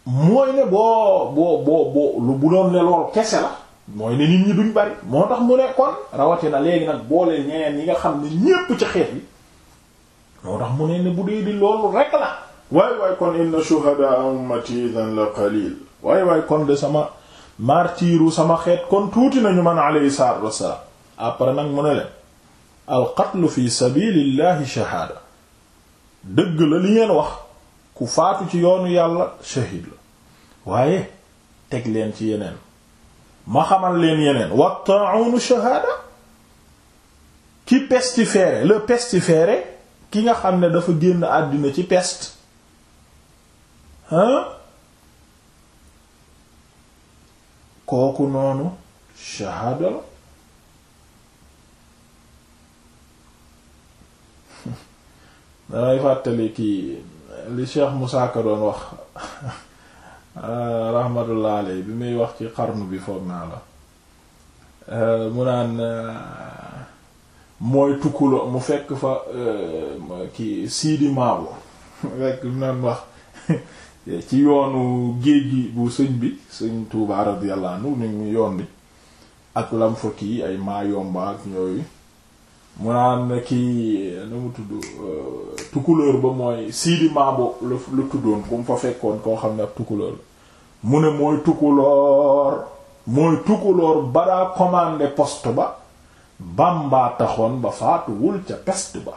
mooy ne boo boo boo boo lu bu doon ne lool kese la mooy ne nit ñi duñ bari moo tax mu ne kon rawatina léegi nag boole ñeneen ñi nga xam ne ñépp ci xeet bi moo tax mu ne ne bu dee di loolu rek la waay waay kon inna shuhada ummati la qalil waay waay kon de sama martiru sama xeet kon tuuti nañu man alayhi salaatu wassalaam après nag mu ne leen al qatlu fi sabilillahi shahaada dëgg la li ngeen wax ku faatu ci yoonu yàlla shahid la waaye teg leen ci yeneen ma xamal leen yeneen wa ta'unu shahaada ki pestiféré le pestiféré ki nga xam ne dafa génn àddina ci pest kooku noonu shahaada damay fàttali kii li Cheikh Moussa Ka doon wax rahmatullah alay bi muy wax ci xarnu bi foog naa la euh, mu naan euh, mooy tukkulo mu fekk fa euh, kii Sidi Maabo fekk mu naan wax ci yoonu géej gi bu sëñ bi sëñ Tuubaa radiyallahu anhu nu mu yoon bi ak lam fa kii ay maa yomba ak ñooyu mu naan na kii nu mu tudd euh, tukulóor ba mooy Sidi Maabo la tuddoon ko mu fa fekkoon koo xam ne ak tukulóor mu ne mooy tukulóor mooy tukulóor badaa commandé poste ba Bamba ba faatuwul ca pest ba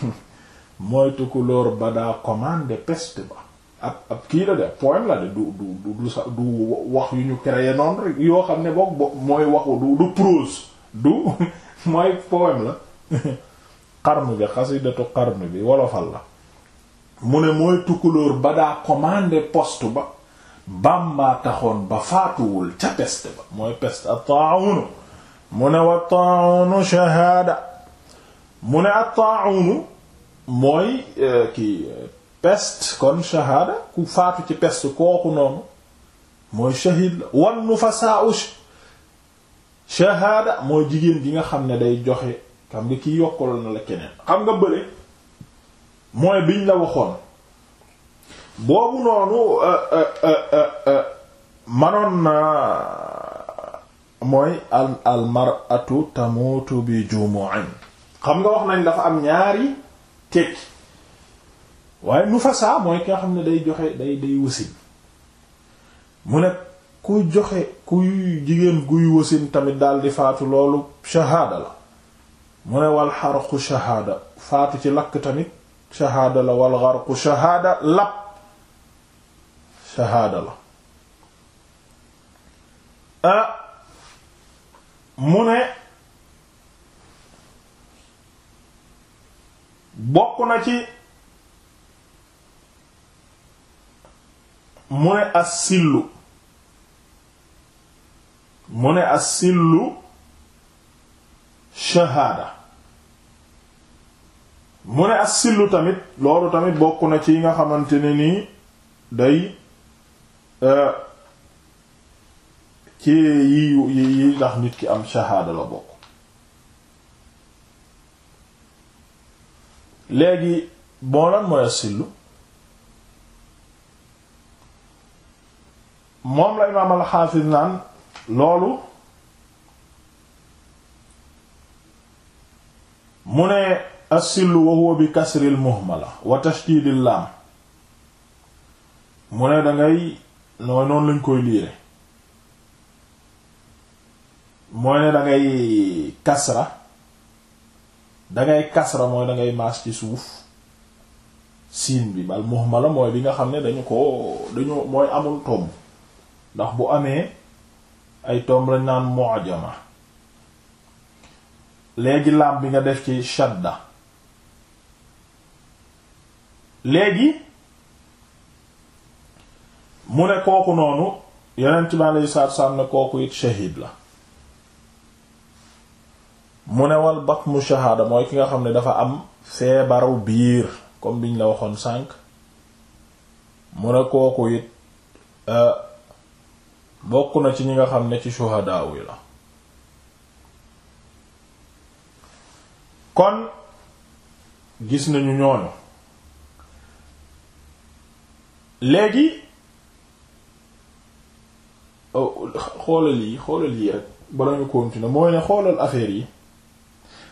mooy tukulóor ba daa commandé peste ba ab ab kii la de poème la de du du du sa du wax yu ñu créé noonu rek yoo xam ne boog bo mooy waxu du du prose du mooy poème la xarnu bi xasidatu xarnu bi wolofal la mu ne mooy tukulóor ba daa commandé poste ba bàmbaa taxoon ba faatuwul ca peste ba mooy peste a taawunu mu ne wa taawunu shahaada mu ne a taawunu mooy euh, ki peste kon shahada ku faatu ci peste kooku noonu mooy shahid la wan nufasaa shahada mooy jigéen ji nga xam ne day joxe xam nga kiy yokkaloon na la keneen xam nga bëre mooy biñ la waxoon boobu noonu euh, euh, manoon na mooy al al mar'atu tamutu bi jumu'in xam nga wax nañ dafa am ñaari tekki waaye nu fasaa mooy ki xam ne day joxe day day wasin mu ne ku joxe kuy jigéen guy wasin tamit dal di faatu loolu shahaada la mu ne wal xarqu shahaada faatu ci lakk tamit shahaada la wal xarqu shahaada lab shahaada la ah, mu ne bokk na ci mu ne as-sillu mu ne as shahaada mu ne as tamit loolu tamit bokk na ci yi nga xamante ne nii day euh, ci yi yi ndax nit ki am shahaada la bokk léegi bon lan mooy as moom la imaam al naan loolu mu ne as-sillu bi kasril muhmala wa tashdidil laam mu ne dangay nooy noonu lañ koy liire mooy ne dangay kasra dangay kasra mooy dangay maas ci suuf siin bi bal muhmala mooy bi nga xam ne dañu ko dañu mooy amul tomb ndax bu amee ay tomb lañ naan mu'jama léegi laam bi nga def ci shadda léegi mu ne kooku noonu yonent bi alayhi salaatu salaam ne kooku it shahid la mu ne wal batnu shahaada mooy ki nga xam ne dafa am feebaru biir comme biñ la waxoon sànk mu ne kooku it euh, bokk na ci ñi nga xam ne ci shuhadaa yi la kon gis nañu ñooñu léegi euh, xoolal yi xoolal yi rek bala ñu continuer mooy ne xoolal affaire yi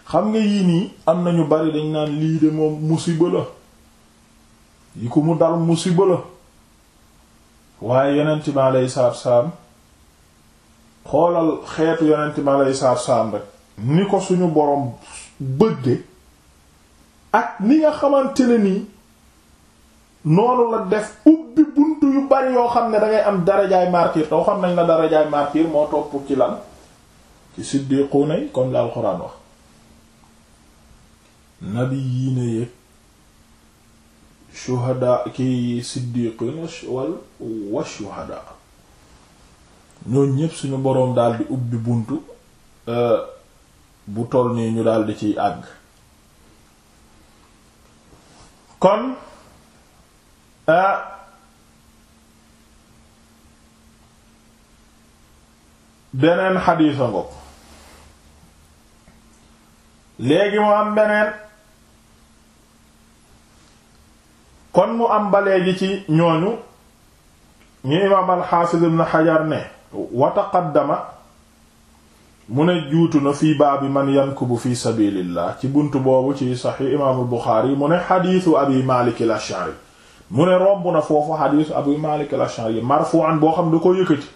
xam nga yii nii am na ñu bari dañ naan lii de moom musiba la yi ko mu dal musiba la waaye yonent bi aleyhi salaatu salaam xoolal xeetu yonent bi aleyhi salaatu salaam rek ni ko suñu boroom bëgge ak ni nga xamanti ne nii noonu la def ubbi bunt yu bari yoo xam ne dangay am darajaay martyr too xam nañ la darajaay martyr moo topp ci lan ci siddiquuna yi comme la alxuraan wax nabiyina yëg shuhada ki siddiqin wal wa shuhada ñooñ ñépp suñu boroom daldi ubbi bunt euh, bu toll nii ñu daldi ciy àgg kon euh, beneen xadiisa ngo léegi mu am beneen kon mu am ba léegi ci ñooñu ñu imaam alxaafiz ibn xajar ne wa mu ne juutu na fii baabi man yankubu fi sabilillah ci bunt boobu ci saxi imaamul buxaari mu ne xadiisu abi maalik al mu ne romb na foofu xadiisu abi maalik al-ash'ari marfu'an boo xam da ko yëkkati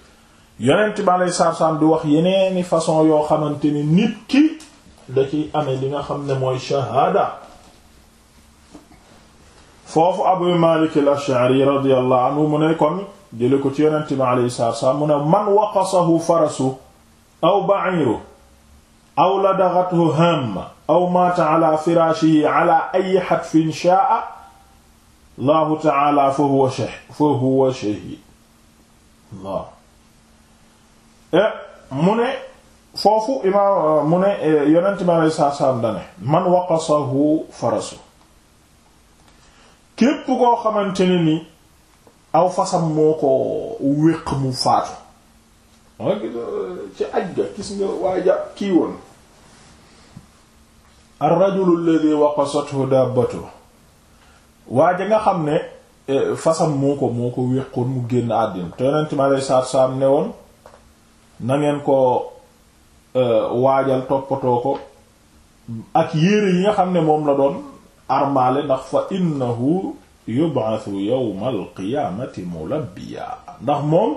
yonent ba lay saar-saam di wax yeneeni façon yoo xamante ni nit ki da ciy amee li nga xam ne mooy shahaada foofu abu malik al-ash'ari radiyallahu anhu mu ne kon jële ko ci yonent bi alayhi salaatu wassalaam mu ne man waqasahu farasu aw ba'iru aw ladaghathu hamma aw maata ala firaashihi ala ayyi hatfin shaa'a allahu ta'ala fa huwa shahid fa huwa shahid waaw eh, mu ne foofu imaam mu ne eh, yonent bi alayhi salaatu wassalaam dane man waqasahu farasu képp koo xamante ne ni aw fasam moo ko wéq mu faatu ma gis ci aj ga gis nga waaja kii woon ar-rajulu alladhi waqasathu dabbatu waaja nga xam ne e, fasam moo ko moo ko wéqoon mu génn àddina te yonent mi alayhi salaatu salaam ne woon na ko e, waajal toppatoo ko ak yére yi nga xam ne moom la doon armaale ndax fa innahu yub'athu yawmal qiyaamati mulabbiya ndax moom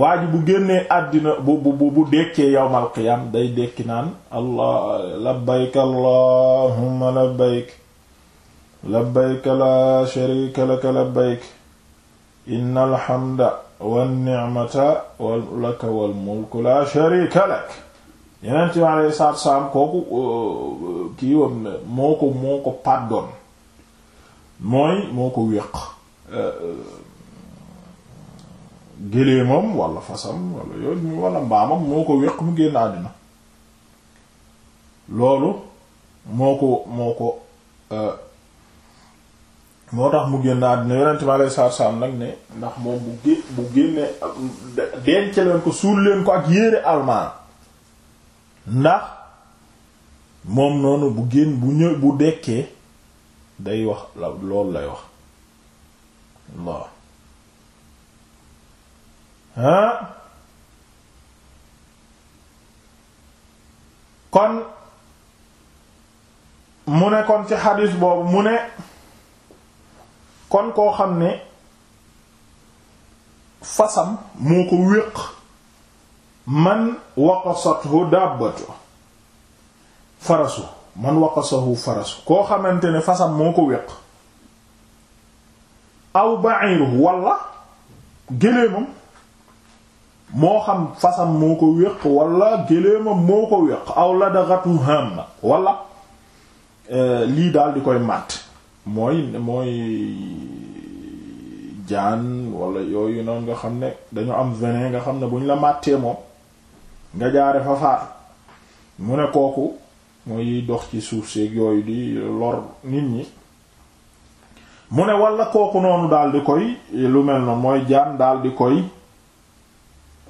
waa ji bu génnee àddina bu bu bu dekkee yawmal qiyaam day dekki naan allah labbayk allahumma labbayk labbayk laa sharika laka labbayk innal hamda wan ni'mata laka wal mulku laa sharika lak yeneen ci wàllu saat saam kooku uh, uh, kii wam moo ko moo ko pàddoon mooy moo ko wéq uh, géléemam wala fasam wala yooyu wala mbaamam moo ko wéq mu génn àddina loolu moo ko moo ko moo tax mu génn àddina yonent ma lay saar saam nag ne ndax moom bu gé bu génne denc leen ko suul leen ko ak yére almaan ndax moom noonu bu génn bu ñëw bu dekkee day wax la loolu lay wax waaw ah kon mu ne kon ci xadis boobu mu ne kon koo xam ne fasam moo ko wéq man waqasathu dàbbatu farasu man waqasahu farasu koo xamante ne fasam moo ko wéq aw ba'iruhu walla géléemam moo xam fasam moo ko wéq walla géléemam moo ko wéq aw ladghatu hamma walla euh, lii daal di koy màtt mooy mooy jaan wala yooyu noonu nga xam ne dañu am venin nga xam ne bu ñu la màttee moom nga jaare fa mu ne kooku mooy dox ci suuf seeg yooyu di lor nit ñi mu ne wala kooku noonu daal di koy lu mel noonu mooy daal di koy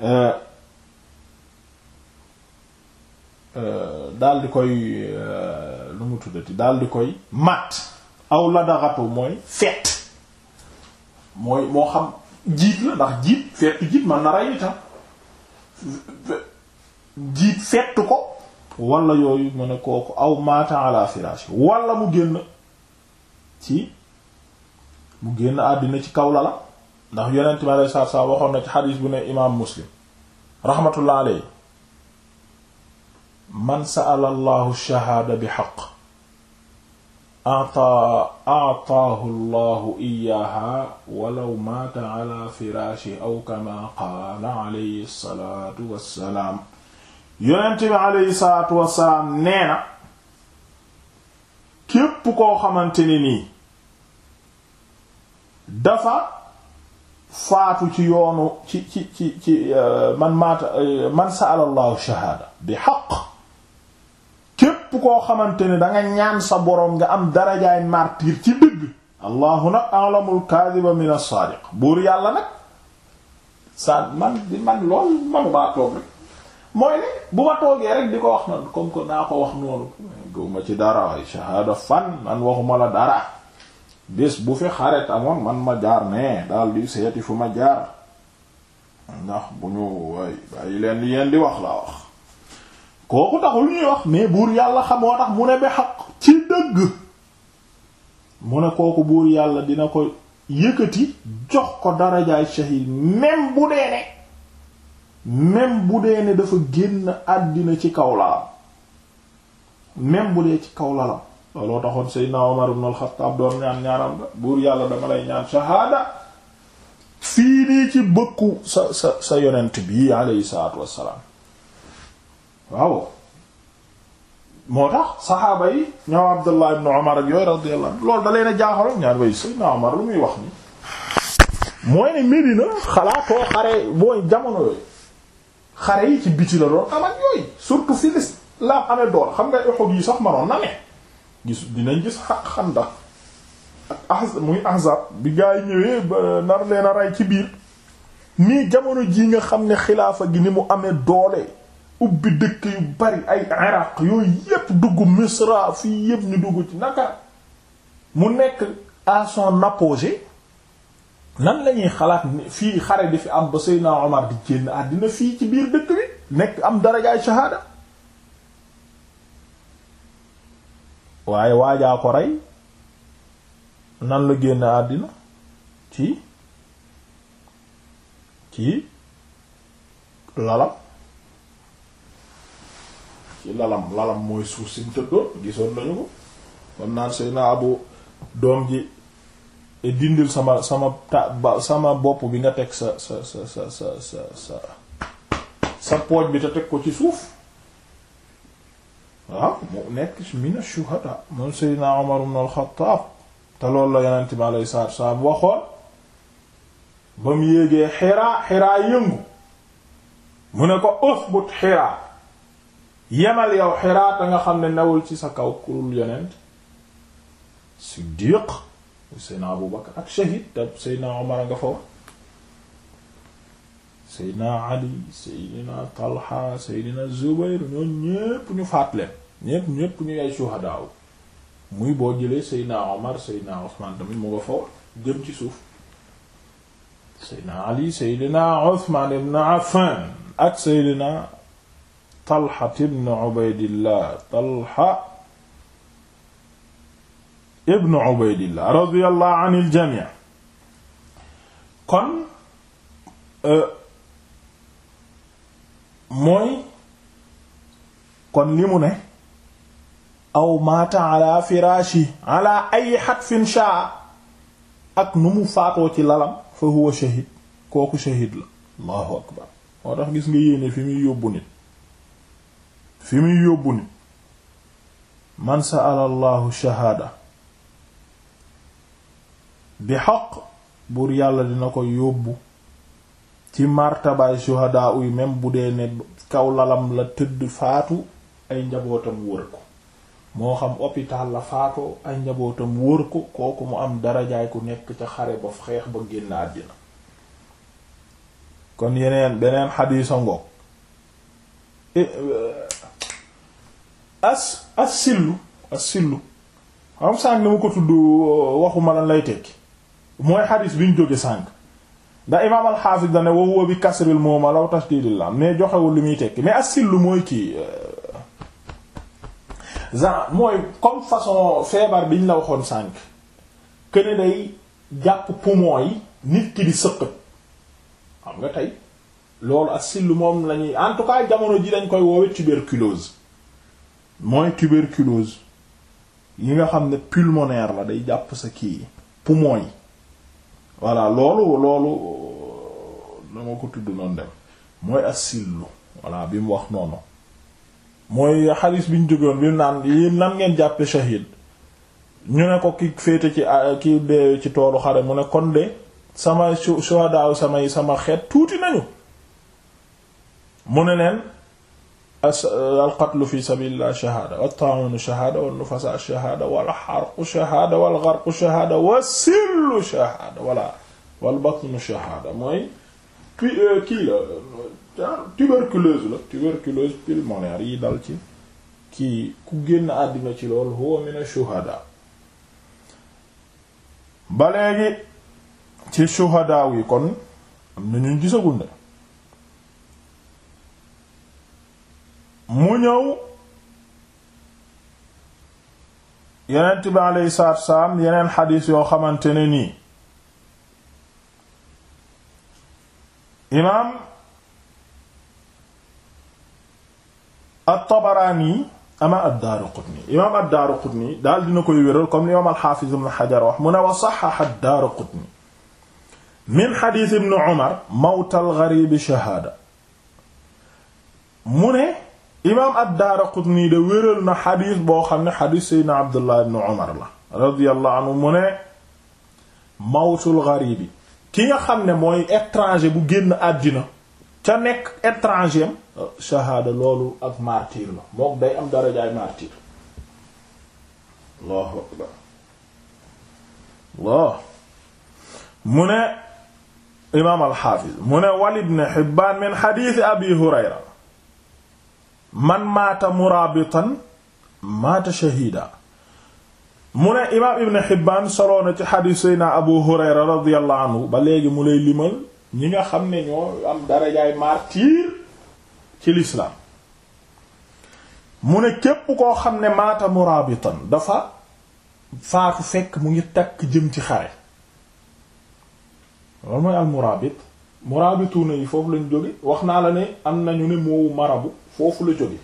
eh, eh, daal di eh, mu tuddati daal di koy mat aw la daxatu mooy fet mooy moo xam jiit la ndax jiit fettu jiit man na itam jiit fett ko wala yooyu mu kooku aw maata ala firaash wala mu génn ci mu génn àddina ci kaw la ndax yonent mi alei satu salaam waxoon na ci xadiis bu imaam muslim rahmatullah aley man sa'ala allahu shahaada bi xaq ataa iyaaha walaw maata ala firaashi aw kama qaala alayhi salaatu wassalaam yonent bi aleyhi salaatu wassalaam nee na képp koo xamante ne nii dafa faatu ci yoonu ci ci ci ci euh, man maata euh, man sa'ala Allahu shahaada bi xaq képp koo xamante ne danga ñaan sa boroom nga am darajaay martyr ci dëgg allahu nag a'lamul kaadiba min as-saadiq buur yàlla nag sa man di man baa toog rek mooy ne bu ma toogee rek di ko wax noonu comme que naa ko wax noonu gëw ci dara shahada fan man waxuma la dara bés bu fi xaret amoon man ma jaar ne daal di seeti fu ma jaar ndax bu ñu waay bàyyi leen di yeen di wax laa wax kooku taxul ñuy wax mais buur yàlla xamoo tax mu ne bi xaq ci dëgg mu ne kooku buur yàlla dina ko yëkkati jox ko darajaay shahid même bu dee ne même bu dee ne dafa génn àddina ci kaw lalam même bu dee ci kaw lalam looloo taxoon Seydina Omar ibn al-Khattab doon ñaan ñaanam nga buur yàlla dama lay ñaan shahaada fii nii ci bëkku sa sa sa yonent bi alayhi salaatu wassalaam waaw moo tax saxaaba yi ñoo Abdullah ibn Omar ak yooyu radiyallahu anhu da leen a jaaxaloon ñaan way Seydina Omar lu muy wax ni mooy ne Medina xalaatoo xare booy jamono yooyu xare yi ci biti la doon am ak surtout fi lislaam amee dool xam nga Uhud yi sax manoon na ne gis dinañ gis Xandaq ak ah muy ahzab bi gaa ñëwee ba nar leen rey ci biir nii jamono ji nga xam ne xilaafa gi ni mu amee doole ubbi dëkk yu bari ay iraq yooyu yépp dugg misra fii yépp ñu dugg ci naka mu nekk ason son apogée nan lañuy xalaat fii xare di fi am ba Seydina Omar di génn àddina fii ci biir dëkk bi nekk am darajaay shahaada waaye waajaa ko rey nan la génn àddina ci ci lalam ci lalam lalam mooy suuf si mu tëddoon gisoon nañu ko kon naan Seydina Abu doom ji E dindil sama sama ta sama bopp bi nga teg sa sa sa sa sa sa sa pooj bi te teg ko ci suuf waaw mu nekk mina shuhada moom Seydina Umar ibn al te loolu la Yonent bi alayhi salaatu wa salaam waxoon ba mu yéegee Hira Hira yëngu mu ne ko usbut Hira yemal yow Hira te nga xam ne newul ci sa kaw kurul Yonent Siddiq Seydina Abu Bakar ak shahid te Seydina Omar nga fa wax Seydina Ali Seydina Talha Seydina Zubayr ñoon ñépp ñu faat ñépp ñu ay shuhadaaw muy boo jëlee Seydina Omar Seydina Ousmane tamit mu nga fa wax jëm ci suuf Seydina Ali Seydina Ousmane ibn Affan ak Seydina Talha ibn Ubaydillah Talha ibnu ubaydillah radiyallahu anil jamii kon euh, mooy kon li mu ne aw maata ala firaashi ala ay xatfin shaa ak nu mu faatoo ci lalam fa huwa shahid kooku shahid la allahu akbar moo tax gis nga yéene fi muy yóbbu nit fi muy yóbbu nit man sa'ala allahu shahaada bi xaq buur yàlla dina ko yóbbu ci martabaay suhadaa uy même bu dee ne kaw lalam la tëdd faatu ay njabootam wër ko moo xam hôpital la faatoo ay njabootam wër ko kooku mu am darajaay ku nekk ca xare ba xeex ba génn àddina kon yeneen beneen xadiisa ngoog eh, eh, as as sillu as sillu xam sànq ni ko tudd waxuma lan lay tekki mooy xadis bi ñu jóge sànq ndax imaam alxaafis dane wa huwa bi kasril mooma law tashdidil lam mais joxewul li muy tekki mais as-sillu mooy kii genre euh, mooy comme façon feebar bi ñu la waxoon sànq këne day jàpp poumon yi nit ki di sëqët xam nga tey loolu as-sillu moom lañuy en tout cas jamono ji dañ koy woowe tuberculose mooy tuberculose yi nga xam ne pulmonaire la day jàpp sa kii poumon yi voilà loolu loolu dama ko tudd noonu dem mooy asillu voilà bi mu wax noonu mooy xadiis bi ñu jógoon bi mu naan yéen nan ngeen jàppe shahid ñu ne ko ki féete ci ki dee ci toolu xare mu ne kon de sama shuhada samay sama xeet tuuti nañu mu ne leen Uh, alqatlu fi sabilillah shahaada wattaawunu shahaada wannufasaa shahaada walxarqu shahaada walgarqu shahaada wasillu shahaada wala walbatnu shahaada mooy uh, kii la tuberculose la tuberculose pulmonaire yi dal ci kii ku génn àddina ci lool huwa mina shuhada ba léegi ci shuhada yi kon am na ñu gisagunde mu ñëw yeneen bi aleyhi salaatu wasalaam yeneen xadiis yoo xamante ne nii imaam at-Tabaraani ama ad-Daaraqutni imaam ad-Daaraqutni daal dina ko wéral comme li imaam al-Xaafiz ibn Hajar wax mu ne wa saxaxa ad-Daaraqutni min xadiis ibn Umar mawt al-gariib shahaada mu ne imaam ad-Daaraqutni de wéral na xadiis boo xam ne xadiis seydna Abdullah ibn Umar la radiyallahu anhu mu ne mawtul garibi ki nga xam ne mooy étranger bu génn àddina ca nekk étranger am shahaada loolu ak martyr la moom day am darajaay martyr Allahu akbar Allah mu ne imaam al-Haafiz mu ne wal ibn Hibbaan min xadiis Abi Hurayra man maata muraabitan maata shahiida mu ne imaam ibn Hibbaan soloo ci xadiis Seydina Abu Hurayra radiyallahu anhu ba léegi mu lay limal ñi nga xam ne ñoo am darajaay martyr ci lislaam mu ne képp koo xam ne maata muraabitan dafa faatu fekk mu ngi takk jëm ci xare loolu mooy al muraabit murabituna yi foofu lañu jóge wax naa la ne am nañu ne moowu marabu foofu la jóge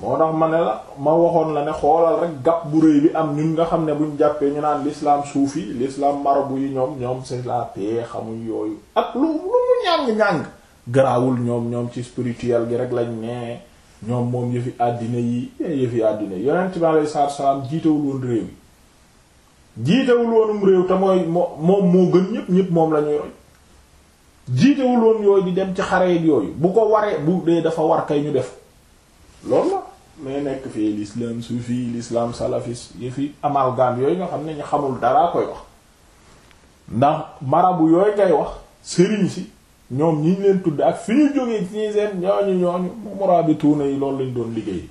moo tax ma ne la ma waxoon la ne xoolal rek gàpp bu rëy bi am ñun nga xam ne buñ jàppee ñu naan l'islam suufi l'islam marabu yi ñoom ñoom c'est la xamuñ yooyu ak lu lu ñàng-ñàng garaawul ñoom ñoom ci spirituel gi rek lañ ne ñoom moom yëfi àddina yi eh, yëfi àddina yi yonent bi alayhi salaatu salaam jiitewul woon réew yi jiitewul woonum réew te mooy moom moo jiitewul yooyu di dem ci xare yooyu bu ko waree bu dee dafa war kay ñu def loolu la mais nekk fi l'islam sufi lislaam salafis yi fi amalgame yooyu nga xam ne ñu xamul daraa koy wax ndax marabu yooyu ngay wax sëriñ si ñoom ñi leen tudd ak fi ñu jógee ci ñi seen ñooñu ñooñu murabituuna yi loolu lañ doon liggéey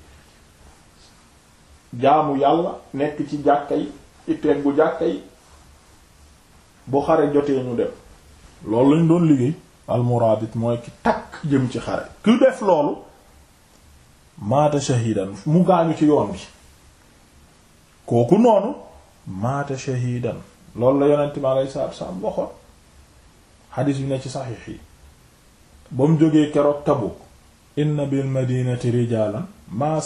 jaamu yàlla nekk ci jàkka yi ci teggu jàkka yi bu xare jotee ñu dem loolu lañ doon liggéey almuraabit mooy ki takk jëm ci xare ku def loolu maata shahidan mu gaañu ci yoon bi kooku noonu maata shahidan loolu la yonent mi aleyhi salaatu ci saxiix yi ba mu jógee keroog Tabuk inna bil madinati rijalan maa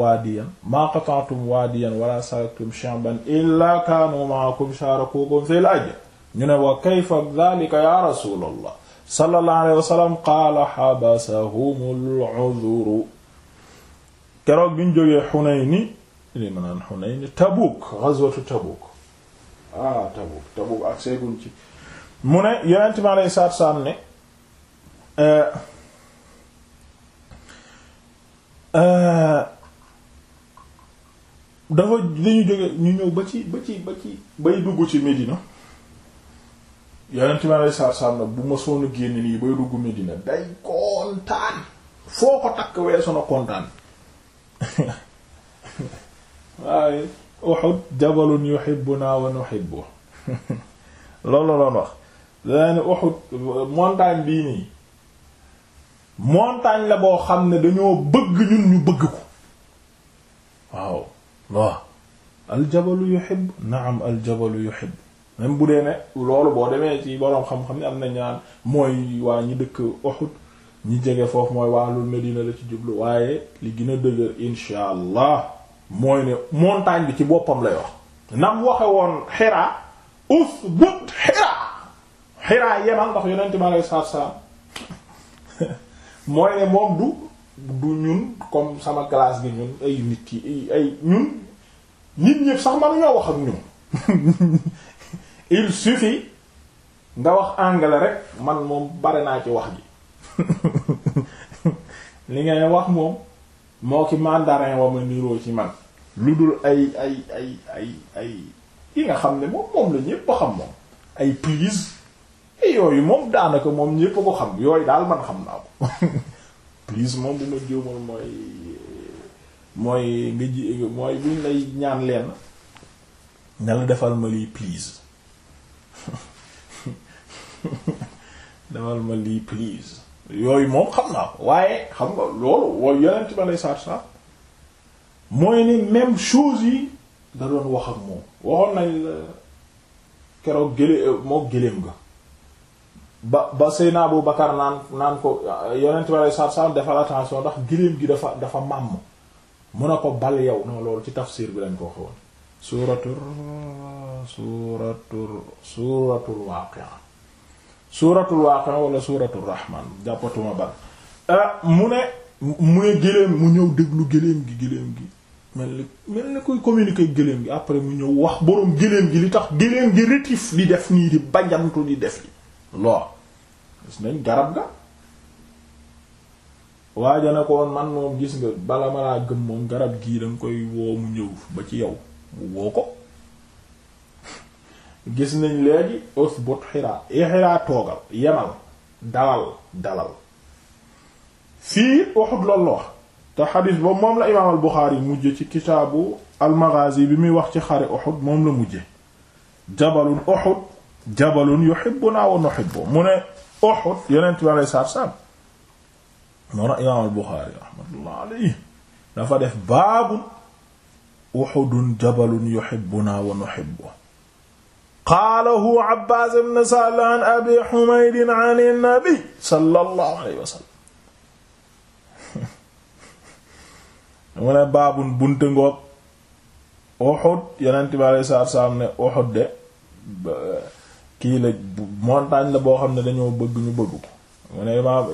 waadiyan maa qata'tum waadiyan wala salaktum sha'ban illa kaanu ma'akum shaarakukum fil ajr ñu ne wa kayfa dhalika ya rasulallah sallallahu alayhi wa sallam qaala xabasahumul udhuru keroog bi ñu jógee Xunayni li ma naan Xunayni Tabuk ghazwatu Tabuk ah Tabuk ak seeguñ ci mu ne yonent mi alayhi salaatu ne eh, eh, dafa dañu jóge ñu yonent mi alei saatu salaam nag bu ma soon a nii bay dugg Medina day kontaan foo ko takk weesu na kontaan waaye Uhud jabalun yuhibbuna wa nuhibbu loolu la doon wax danañ Uhud montagne bii nii montagne la boo xam ne dañoo bëgg ñun ñu bëgg ko waaw waaw aljabalu yuhibbu naam aljabalu yuhibbu même bu dee ne loolu boo demee ci boroom xam-xam ni am na ñaan mooy waa ñi dëkk Uhud ñi jege foofu mooy waa lu Medina la ci jublu waaye li gën a dëgër insha allah mooy ne montagne bi ci boppam lay wax nam waxe woon Hira usbut Hira Hira yemal ndax yonente bi alei saatu salaam mooy ne moom du du ñun comme sama classe gi ñun ay nit ñëpp sax man ñoo wax ak ñun il suffit nga wax anglais rek man moom bare naa ci wax ji li ngay wax moom moo ki mandarin wa ma niroo ci man lu dul ay ay ay ay ay yi nga xam ne moom moom la ñépp a xam moom ay please et yooyu moom daanaka moom ñépp a ko xam yooyu daal man xam naa ko please moom bu ma jéemoon mooy mooy nga ji mooy buñ lay ñaan lenn ne la defal ma lii please dawal ma lii please yooyu moom xam naa waaye xam nga loolu wooy yonent bi alei saatu salaam mooy ni même chose yi da doon wax ak moom waxoon nañ keroog gélé moo géléem nga ba ba Seyna Abu Bakar naan naan ko yonent bi alei saatu salaam defal attention ndax géléem gi dafa dafa màmm mun a ko bal yow non loolu ci tafsir bi lañ ko waxoon suratur suuratul suuratul waaqia suuratul waaqia wala suuratul rahmaan jàppatuma ban ah, mu ne mu ne gëléem mu ñëw déglu gëléem gi gëléem gi mel ni mel ni koy communiquer gëléem gi après mu ñëw wax boroom gëléem gi li tax gëléem gi rétif li def nii di bajantu di def li lool gis nañ garab ga waaja na ko woon man moom gis nga bala ma laa gëm moom garab gii danga koy woo mu ñëw ba ci yow mu woo ko gis nañ léegi usbut xiraa xiraa toogal yemal dalal dalal fii Uhud loolu wax te xadis boobu moom la imaam al Buxaari mujje ci kitaabu al Maghaazi bi muy wax ci xare Uhud moom la mujje jabalun Uhud jabalun yuhibbunaa wa nuhibbuhu mu ne Uhud yonent bi alayhi salaatu moo na imaam al Buxaari rahmatullah dafa def baabu Uhudun jabalun yuhibbunaa wa nuhibbuhu qaalahu Abbaas ibn Sahl an Abi Humayd an an-Nabi sallallahu alayhi wa sallam mu ne baabun buntu ngoog Uhud Yonent bi alayhi salaatu salaam ne Uhud de kii la montagne la boo xam ne dañoo bëgg ñu bëgg ko mu ne imaam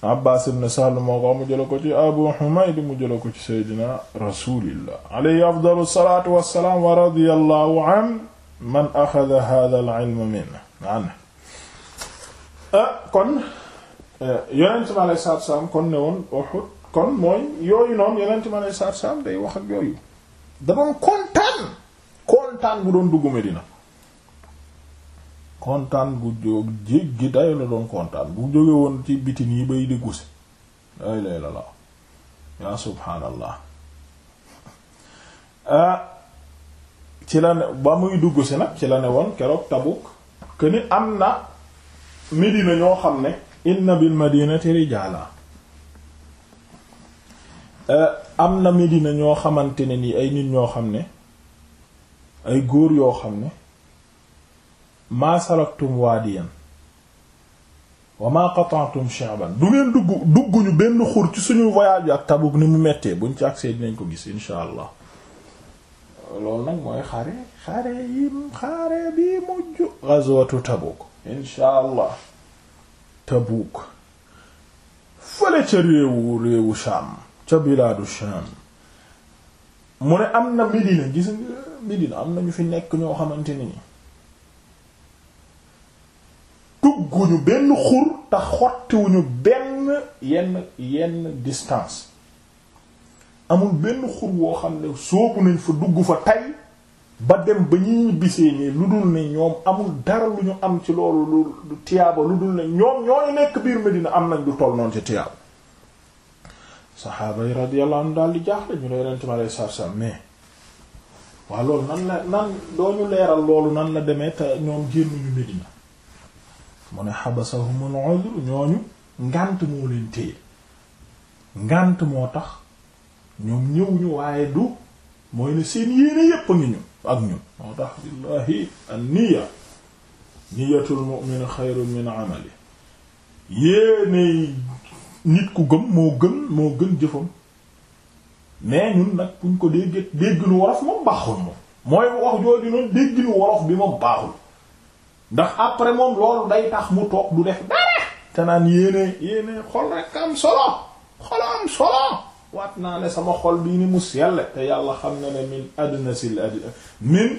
Abbaas ibn Sahl moo ko mu jëla ko ci Abu Humayd mu jëla ko ci Seydina Rasuulillah alayhi afdalu salaatu wassalaam wa radiyallahu anhu man axada hada al ilma min an ah, kon eh, yonent mi alayhi salaatu salaam kon ne woon Uhud kon mooy yooyu noonu yonent mi alayhi salaatu salaam day wax ak yooyu da doon kontaan kontaan bu doon dugg Medina kontaan gu jóg jéggi day la doon kontaan bu jógewoon ci bitin yi bay déggu si day lay la yaa subhaanallah ah, ci la ne ba muy dugg si nag ci la ne woon keroog Tabuk que ni am na Medina ñoo xam ne inna bil madinati rijaala eh, am na Medina ñoo xamante ne ni ay nit ñoo xam ne ay góor yoo xam ne maa salaktum waadiyan wa maa qata'tum sha'ban du ngeen dugg dugguñu benn xur ci suñu voyage ak Tabuk ni mu mettee buñ ci agsee dinañ ko gis insha allah loolu nag mooy xare xare yim xare bi mujj ghazwatu Tabuk insha allah Tabuk fële ca réewu réewu Sham ca bilaadu Sham mu ne am na Medina gis nga Medina am na ñu fi nekk ñoo xamante ni ni tugguñu benn xur te xottiwuñu benn yenn yenn distance amul benn xur woo xam ne soobu nañ fa dugg fa tay ba dem ba ñuy bisee nii lu dul ne ñoom amul dara lu ñu am ci loolu lu tiyaaba lu dul ne ñoom ñoo nekk biir Medina am nañ du toll noonu ci tiyaaba saxaaba yi radiyallahu anhu daal di jaaxle ñu ne ren tamit ay mais waaw loolu nan la nan doo ñu leeral loolu nan la demee te ñoom génnuñu Medina mu ne xabasahumul udhr ñooñu ngànt moo leen téye ngànt moo tax. ñoom ñëwuñu waaye du mooy ne seen yéene yépp a ngi ñu ak ñun moo tax billahi an niya niyatul mu'min xayrun min amali yéene nit ku gëm moo gën moo gën jëfam mais ñun nag buñ ko dégg dégginu wolof moom baaxul moom mooy wax jooju noonu dégginu wolof bi moom baaxul ndax après moom loolu day tax mu toog du def dara te naan yéene yéene xol rekk am solo xol am solo waat naa ne sama xol bii ni mu sell te yàlla xam na ne min adnasil ad min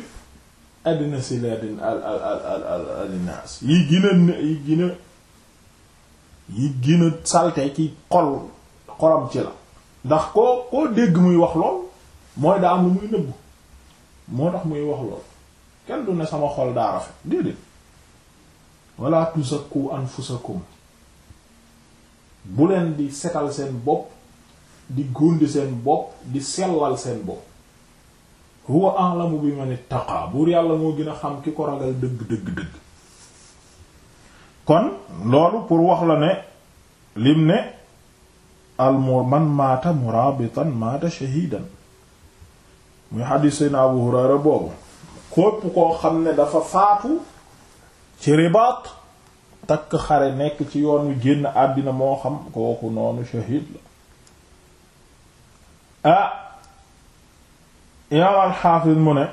adnasil adin al al al al alinaas yi gina yi gina yi gina salte ci xol xolam ci la ndax koo koo dégg muy wax lool mooy daa am lu muy nëbbu moo tax muy wax lool kenn du ne sama xol daa rafet déedéet wala tuzakku anfusakum bu leen di setal seen bopp di di seen bopp di sellal seen bopp huwa a'lamu bi man ittaqa buur yàlla moo gën a xam ki ko ragal dëgg dëgg kon loolu pour wax la ne lim ne al man maata murabitan maata shahidan muy xadiis sayna Abu Hurayra boobu képp koo xam ne dafa faatu ci ribaat takk xare nekk ci yoonu wi àddina moo xam kooku noonu shahid la ah imaam alxaafis mu ne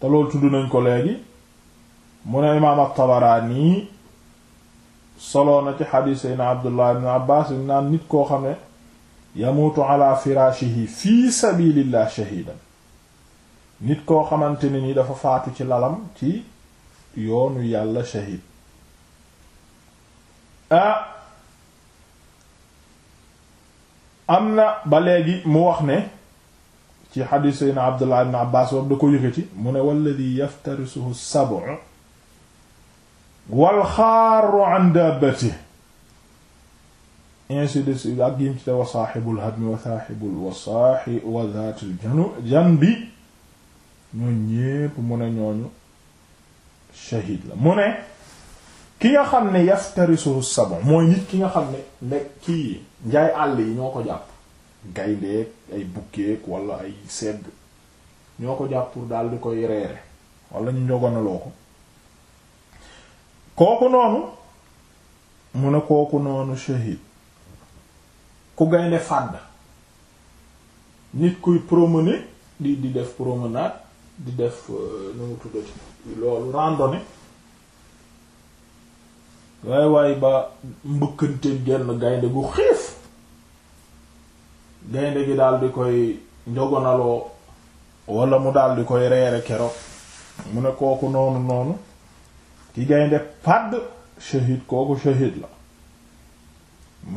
te loolu tudd nañ ko léegi mu ne imaam altabaraani soloo na ci xadiis sayna abdullah ibn abbas bi naan nit koo xam ne yamuutu ala firaashihi fi sabilillah nit koo xamante ne ni dafa faatu ci lalam ci yoonu yàlla shahid ah am na ba léegi mu wax ne ci xadiis sayna abdullah ibn abbas boobu da ko yëkkati mu ne walladi yaftarisuhu sab'u wal xaaru an dabbati ainsi de suite ak yim ci te wa saaxibul hadmi wa saaxibul wasaaxi wa zaatil janu jan bi ñooñ ñépp mu ne ñooñu shahid la mu ne ki nga xam ne yaftarisuhu sabon mooy nit ki nga xam ne ne kii njaay àll yi ñoo ko jàpp gayndeek ay bukkeek wala ay segg ñoo ko jàpp pour daal di koy reere wala ñu njogonaloo ko kooku noonu mu ne kooku noonu shahid ku gaynde fàdd nit kuy promener di di def promenade di def euh, nu mu tuddati loolu randonnée waay waay ba mbëkkante genn gaynde gu xiif gaynde gi daal di koy njogonaloo wala mu daal di koy reere keroog mu ne kooku noonu noonu ki gaynde padd shahid kooku shahid la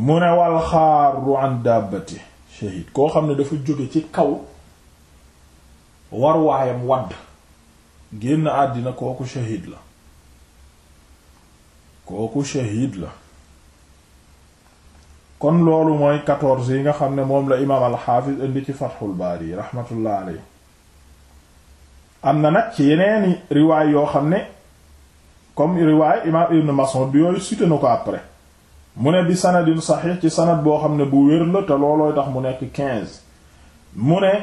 mu ne wal xaaru an dàbbati shahid koo xam ne dafa jóge ci kaw war waayam wadd génn àddina kooku shahid la kooku shahid la kon loolu mooy quatorze yi nga xam ne moom la imaam alxaafis indi ci fatxul baari raxmatullah aley am na nag ci yeneeni riwaay yoo xam ne comme riwaay imaam ibn Mas'ud bi yooyu cité ko après mu ne bi sanadin saxiix ci sanad boo xam ne bu wér la te loolooy tax mu nekk quinze mu ne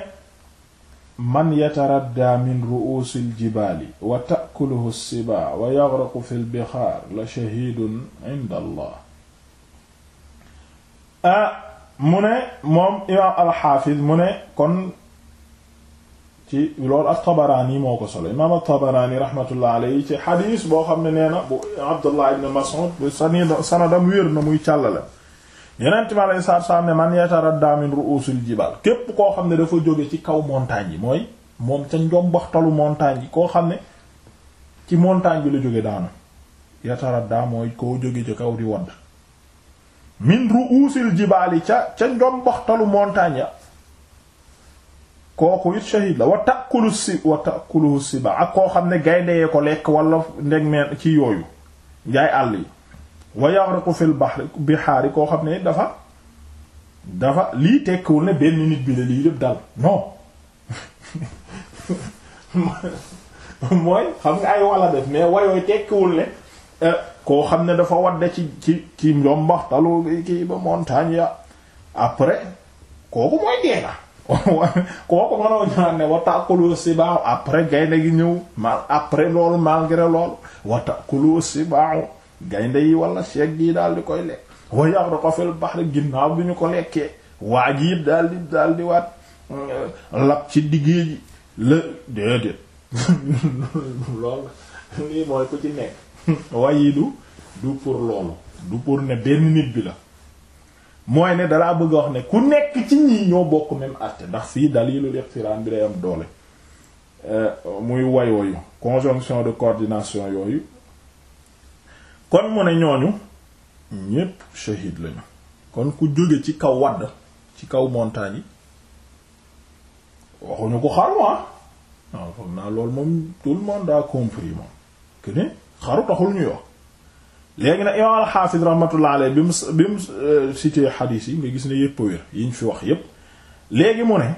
man yataraddaa min ru'uusil jibaali wa ta'kuluhu as-sibaa wa yaghraqu fil bixaar la shahiidun inda allah a mu ne moom imaam alxaafiz mu ne kon ci loolu at-Tabaraani moo ko solo imaam at-Tabaraani rahmatullah alayhi ci xadiis boo xam ne nee na bu Abdullah ibn Mas'ud bu sanadam wér na muy càllale yonent bi alayhi salaatu salaam ne man yataradda min ru'usil jibal képp koo xam ne dafa jóge ci kaw montagne yi mooy moom ca njombaxtalu montagne yi koo xam ne ci montagne bi la jóge daanu yataradda mooy koo ci kaw di wadd min ru'usil ca ca njombaxtalu montagne ya kooku it shahid la wa ta'kulu si wa ta'kuluhu siba ak koo xam ne gaynde yee ko lekk wala ndeg meen ci yooyu njaay àll yi wa yaghriqu fil bahri bihaari koo xam ne dafa dafa lii tekkiwul ne benn nit bi la lii lépp dal non mooy xam nga ay walla def mais wayooy tekkiwul ne eh, koo xam ne dafa wadde ci ci ci njombaxtalu kii ba montagne ya après kooku mooy dee na kooku mënoo ñaan ne watakulu sibaaw après gaynde gi ñëw mal après loolu malgré loolu watakulu sibaaw gaynde yi wala cheeg yi daal di koy lekk wa yaghraqu fil bahr ginnaaw bi ñu ko lekkee waa yi it daal di daal di waat euh, lap ci diggee ji la déedéet loolu lii mooy ku ci nekk wayi du du pour loolu du pour ne benn nit bi la mooy ne dalaa bëgg a wax ne ku nekk ci ñii ñoo bokk même àtte ndax fii dalilul iqtiran bi day am doole euh, muy wayooyu conjonction de coordination yooyu kon mu ne ñooñu ñépp shahid lañu kon ku jóge ci kaw wadd ci kaw montagne yi waxuñu ko xaru ah waaw foog naa loolu moom tout le monde a compris ni xaru taxul ñuy wax léegi nag imam alxaafis rahmatullah alayhi bi mu bi mu euh, cité xadiis yi nga gis ne yépp wér yi ñu fi wax yépp léegi mu ne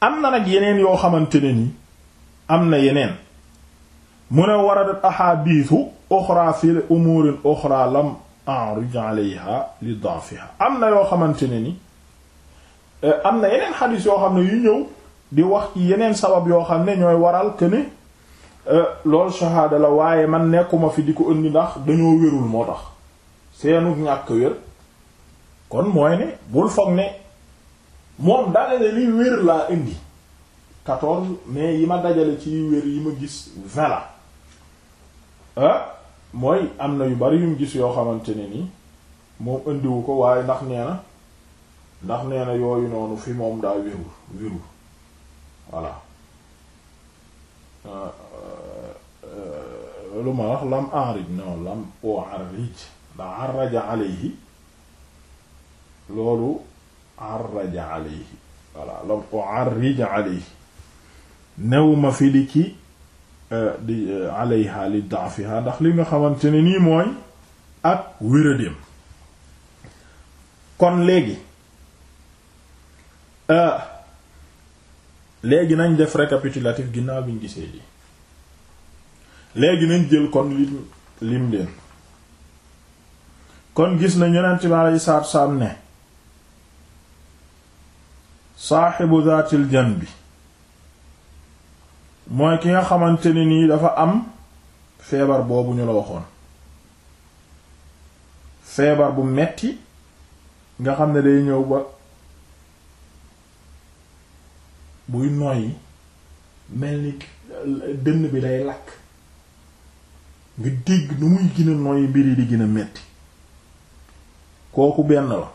am na nag yeneen yoo xamante ne ni am na yeneen mu ne waradat ahadiisu uxra fi umurin uxra lam a'ruj alayha li da'fiha am na yoo xamante ne ni eh, am na yeneen xadis yoo xam ne yu ñëw di wax ci yeneen sabab yoo xam ne ñooy waral que ne eh, loolu la waaye man nekkuma fi di ko indi ndax dañoo wérul moo tax seenu ñàkk wér kon mooy ne bul foog ne moom dale ne wér laa indi quatorze mais yi ma dajale ci wér yi ma gis vingt Ah, mooy am na yu bari yum gis yoo xamante ne ni moom indiwu ko waaye ndax nee na ndax nee yooyu noonu fi moom daal wérul wérul voilà ah, euh, euh, lu ma wax lam enrij non lam arrij ndax arraja loolu arraja alayhi voilà lam arrij alayhi newuma fi li di alayha li daafiha ndax li nga xamante ne nii mooy ak wéradéem kon léegi euh, léegi nañ def récapitulatif ginnaaw bi ñu gisee ji léegi nañ jël kon lim lim leen kon gis na ñenent bi aleyhi salaatu salaam ne saaxibu zaatil janbi mooy ki nga xamante ne nii dafa am feebar boobu ñu la waxoon feebar bu metti nga xam ne day ñëw ba buy noyyi mel ni dënn bi day lakk nga dégg nu muy gën noyyi mbir yi di gën a metti kooku benn la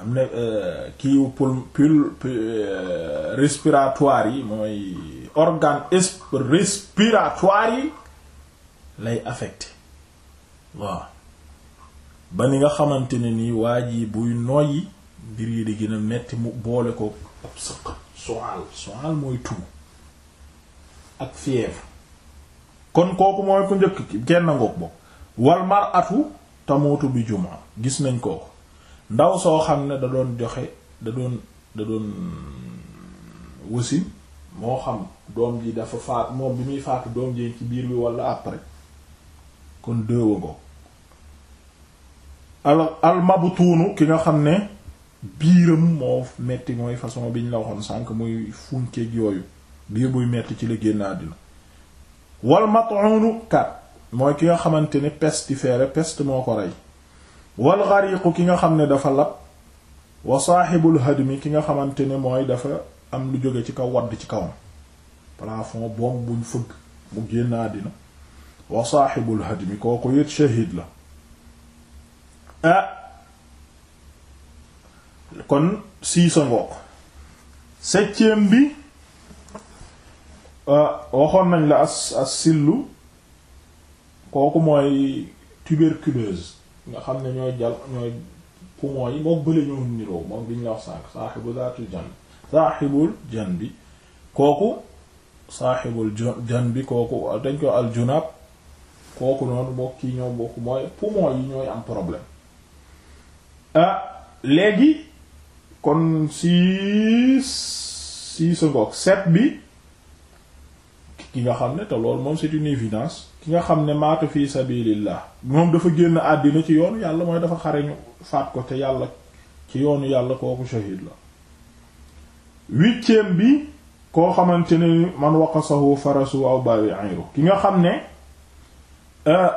am ne euh, kiiw pul pul euh, respiratoire yi mooy organe respiratoire yi lay affecté waaw ba nga xamante ne nii waa yi buy yi mbir yi di gën a metti mu boole ko ab sëq soal soal mooy tumu ak fièvre kon kooku mooy ko njëkk ki kenn ngoog bokk wal atu tamutu bi jumaa gis nañ kooku ndaw soo xam ne da doon joxe da doon da doon wasin moo xam doom ji dafa faatu moom bi muy faatu doom ji ci biir bi wala après kon déewa go al al mabtuunu ki nga xam ne biiram moo metti mooy façon biñ ñu la waxoon sànq muy funkeeg yooyu biir buy metti ci la génn àddina wal kat mooy ki nga xamante ni pestiféré peste moo ko rey wal xariqu ki nga xam ne dafa lab wa saaxibul ki nga xamante ne mooy dafa am lu jóge ci kaw wadd ci kawam plafond bomb buñ fëgg mu génn àddina wa saaxibul kooku yit shahid la ah, kon siis a ngook septième bi ah, waxoon nañ la as as sillu kooku mooy tuberculose nga xam ne ñooy jal ñooy poumon yi mook bële ñoo niroo moom biñ la wax sànq saaxibu zaatul jan saaxibul jan bi kooku saaxibul jan bi kooku dañ ko al junab kooku noonu bokk kii ñoo bokk mooy poumon yi ñooy am problème ah, léegi kon six six ngoog sept bi ki nga xam ne te loolu moom c'est une évidence ki nga xam ne maata fi sabilillah moom dafa génn àddina ci yoonu yàlla mooy dafa xare ñu faat ko te yàlla ci yoonu yàlla kooku shahid la huitième bi koo xamante ne man waqasahu farasu aw bawi'iru ki nga xam ne euh,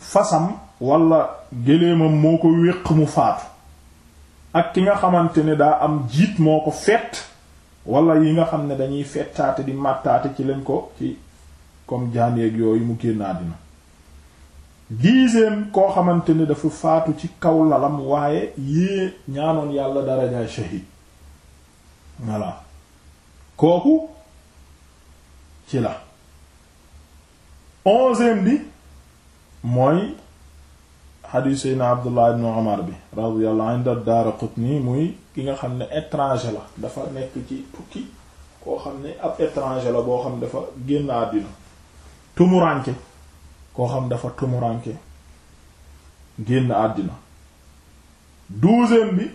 fasam wala géléemam moo ko wéq mu faatu ak ki nga xamante ne daa am jiit moo ko fett wala yi nga xam ne dañuy fettaate di màttaate ci lañ ko ci comme jaaneeg yooyu mu génn àddina dixième koo xamante ni dafa faatu ci kaw lalam waaye yée ñaanoon yàlla darajaay shahid voilà kooku ci la onzième bi mooy xadiis seydna abdullah ibn umar bi radiyallahu anhu Daaraqutni muy ki nga xam ne étranger la dafa nekk ci tukki koo xam ne ab étranger la boo xam dafa génn àddina tumuranke koo xam dafa tumuranke génn àddina douzième bi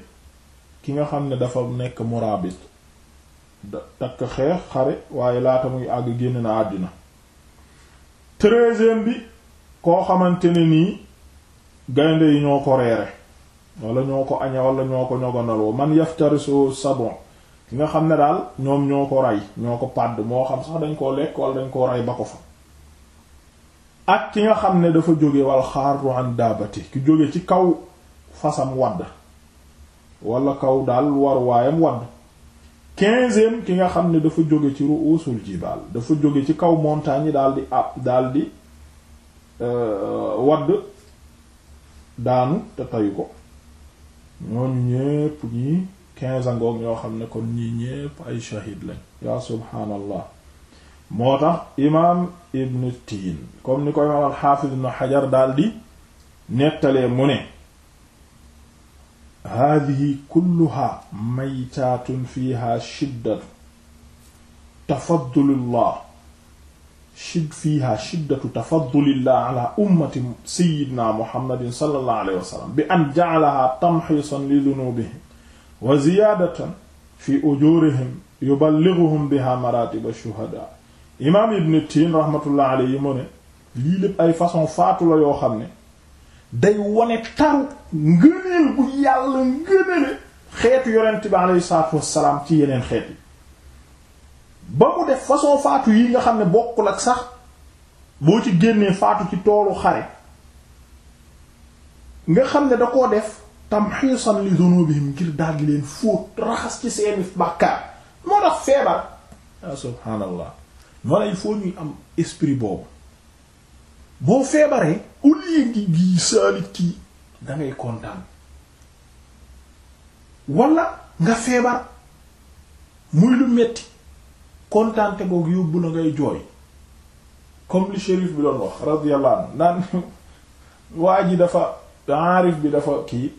ki nga xam ne dafa nekk murabit da takk xeex xare waaye laata muy àgg génn na àddina treizième bi koo xamante ne nii gaynde yi ñoo ko reere wala ñoo ko añe wala ñoo ko ñogonaloo man yaftarisu sabon ki nga xam ne daal ñoom ñoo ko ray ñoo ko pàdd moo xam sax dañ koo lekk wala dañ koo ray ba ko fa ak ki nga xam ne dafa jóge wal xaaru an daabati ki jóge ci kaw fasam wadd wala kaw daal war waayam wadd quinzième ki nga xam ne dafa jóge ci ruusul jibaal dafa jóge ci kaw montagne yi daal di ab daal di euh, wadd daanu te tayu ko ñooñu ñépp ñi quinze ñoo xam ne ko ñii ñépp ay shahid lañ yaa subhaanallah moo tax imaam ibn tiin comme ni ko imaam alxaafiz ibn xajar daldi nettalee mu ne haadihi kulluha maytaatun fiiha shiddatu tafaddulullah shidd fiiha shiddatu tafaddulillah ala ummati sayyidina muhammadin sallallahu alayhi wa sallam bi an ja'alaha tamxiisan li dunubihim wa ziyaadatan fi ujurihim yuballighuhum biha maratib ash-shuhada imaam ibn tiin rahmatullah alayhi mu ne lii lépp ay façon faatu la yoo xam ne day wone taru ngëneel bu yàlla ngënele xeetu yonent bi alayhi salaatu wassalaam ci yeneen xeet yi ba mu def façon faatu yi nga xam ne bokkul ak sax boo ci génnee faatu ci toolu xare nga xam ne da koo def tamxiisan li dunubihim ngir daldi leen fóot raxas ci seeni bàkkaar moo tax feebar ah subhaanallah moo lay foo ñuy am esprit boobu boo feebaree au lieu ngi gi saalit kii dangay kontaan wala nga feebar muy lu metti kontaante googu yóbbu la ngay jooy comme li shérif bi doon wax radiyallahu anhu naan waa ji dafa aarif bi dafa kii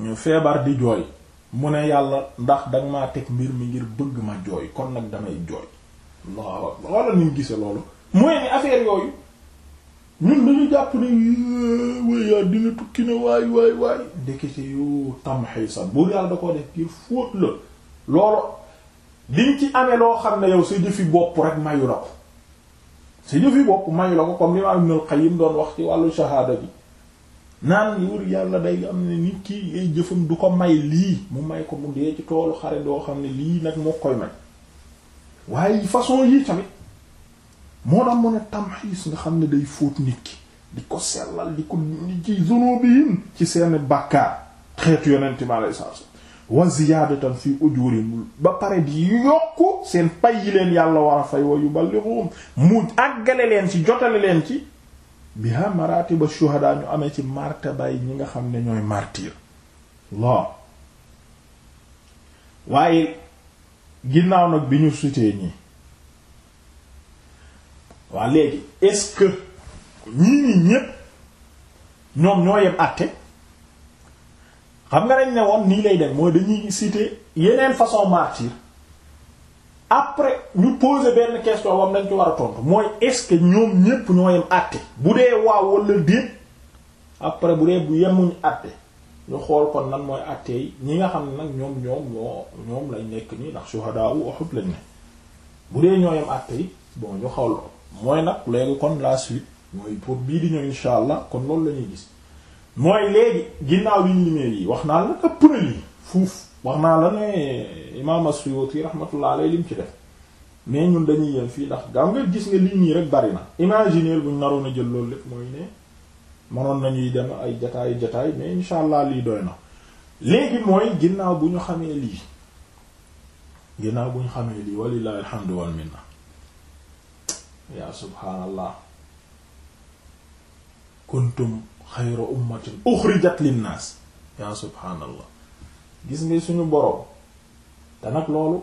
ñu feebar di jooy mu ne yàlla ndax danga ma teg mbir mi ngir bëgg ma jooy kon nag damay jooy allahu akbar walla ni mu affaire yooyu ñun dañu jàpp ne waya dina tukki ne waay ndekete yoo tamxi sa buur yàlla da ko def ngir fóot la loolu diñ ci amee loo xam ne yow sa jëfi bopp rek mayu la ko sa jëfi bopp mayu la ko comme li Ibn doon wax ci wàllu shahaada bi yàlla day am ne nit ki ay jëfam du ko may lii mu may ko mu dee ci toolu xare doo xam ne lii nag moo koy may waaye façon yii tamit moo dam mën a tamxiis nga xam ne day fóot nit ki di ko sellal di ko ci zunubihim ci seen bàkkaar xeet yonente mi alei satu wa ziyaadatan fi ujurim ba pare di yokku seen pay leen yàlla war a fay wa yuballighuhum mu àggale leen ci jotale leen ci biha maratiba shuhada ñu amee ci martabay ñi nga xam ne ñooy martir loo waaye ginnaaw nag bi ñu sutee ñii waa léegi est-ce que ñépp ñoom ñoo yem àtte xam nga dañ ne woon nii lay dem mooy dañuy citer yeneen façon martyr après ñu poser benn question wam dañ ci war a tontu mooy est-ce que ñoom ñépp ñoo yem àtte bu dee waaw wala déet après bu dee bu yemuñ àtte ñu xool kon nan mooy àtte yi ñi nga xam ne nag ñoom ñoom ñoo lañ nekk nii ndax shuhadaa u Uhud lañ ne bu dee ñoo yem àtte yi bon ñu xawloo mooy nag léegi kon la suite mooy pour bii di ñëw insha allah kon loolu la ñuy gis mooy léegi ginnaaw liñ limee yi wax naa la ëpp na lii fuuf wax naa la ne imaam as-Suyuti rahmatullah alayhi lim ci def mais ñun dañuy yem fii ndax gaaw nga gis nga lii nii rek bari na imaginer buñ naroon a jël loolu lépp mooy ne mënoon nañuy dem ay jataay jataay mais insha allah lii doy na léegi mooy ginnaaw bu ñu xamee lii ginnaaw bu ñu xamee lii walillahi alhamdu wal minna yaa subhaanallah kuntum xayra ummatin uxrijat linnaas yaa subhaanallah gis nga suñu boroom te nag loolu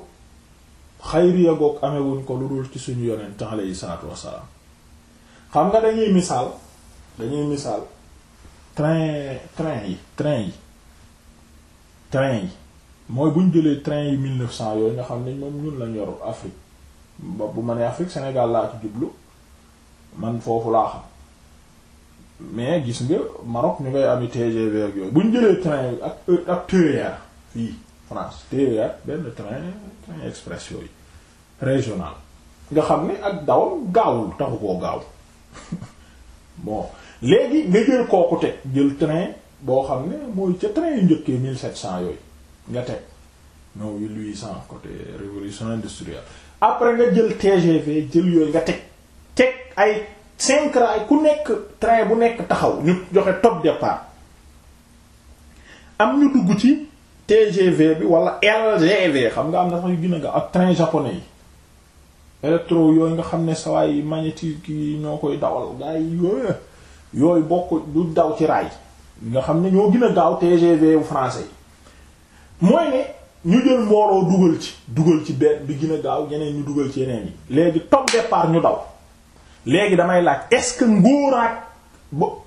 xayriya goog amewuñ ko lu dul ci suñu yonent alayhi salaatu wassalaam xam nga dañuy misaal dañuy misaal train train yi train yi train yi mooy buñ jëlee train yi 1900 yooyu nga xam ne moom ñun lañ yor Afrique ba bu ma nee Afrique Sénégal laa ci jublu man foofu laa xam mais gis nga Maroc ñu ngay ami TGV ak yooyu bu ñu jëlee train ak euh, ak TER fii France TER benn train train express yooyu régional nga xam ne ak daw gaawul taxu koo gaaw bon léegi nga jël kooku teg jël train boo xam ne mooy ca train yu njëkkee mille sept cent yooyu nga teg non mille huit cent côté révolution industrielle après nga jël TGV jël yooyu nga teg teg ay cinq raay ku nekk train bu nekk taxaw ñu joxe top départ am ñu dugg ci TGV bi wala LGV xam nga am na sax yu gën a gaaw ak train japonais yi électro yooyu nga xam ne sawaay magnétique yi ñoo koy dawal gaa yi yooyu bokk du daw ci raay nga xam ne ñoo gën a gaaw TGV bu français yi mooy ne ñu jël mbooloo dugal ci dugal ci benn bi gën a gaaw yeneen ñu dugal ci yeneen yi léegi top départ ñu daw léegi damay laaj est-ce que ngóoraat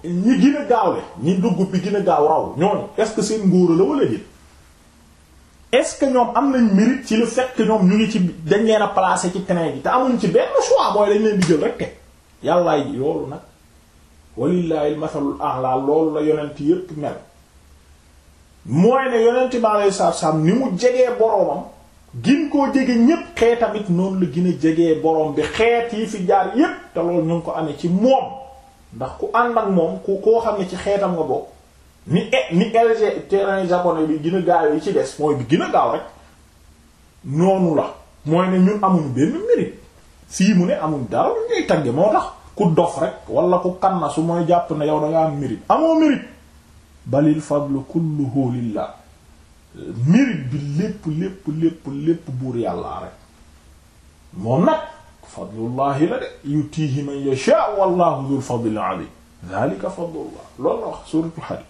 ñi gën a gaawle ñi dugg bi gën a gaaw raw ñooñu est-ce que seen ngóora la wala déet est-ce que ñoom am nañ mérite ci le fait que ñoom ñu ngi ci dañ leen a placer ci train bi te amuñ ci benn choix mooy dañ leen di jël rek te yàllaay ji loolu nag walillahi al-mathalul a'la loolu la yonent yépp mel mooy ne yonent bi alayhi salaam ni mu jegee boroomam gin koo jege ñépp xeetamit noonu la gin a jege borom bi xeet yi fi jaar yépp te loolu ñu ko amee ci moom ndax ku ànd ak moom koo xam ne ci xeetam nga bokk ni e ni LG terrain japonais bi gën a gaaw yi ci des mooy bi gin a gaaw rek noonu la mooy ne ñun amuñu benn mérite fii mu ne amuñ dara lu ñuy tagge moo tax ku dof rek wala ku na su mooy jàpp na yow da am mérite amoo mérite balil fadlu kulluhu lillah mérite bi lépp lépp lépp lépp buur yàllaa rek moom nag fadlullahi la de yutihi man yasha wallahu dhul fadli alim dhalika fadlullah loolu la wax suratul hadid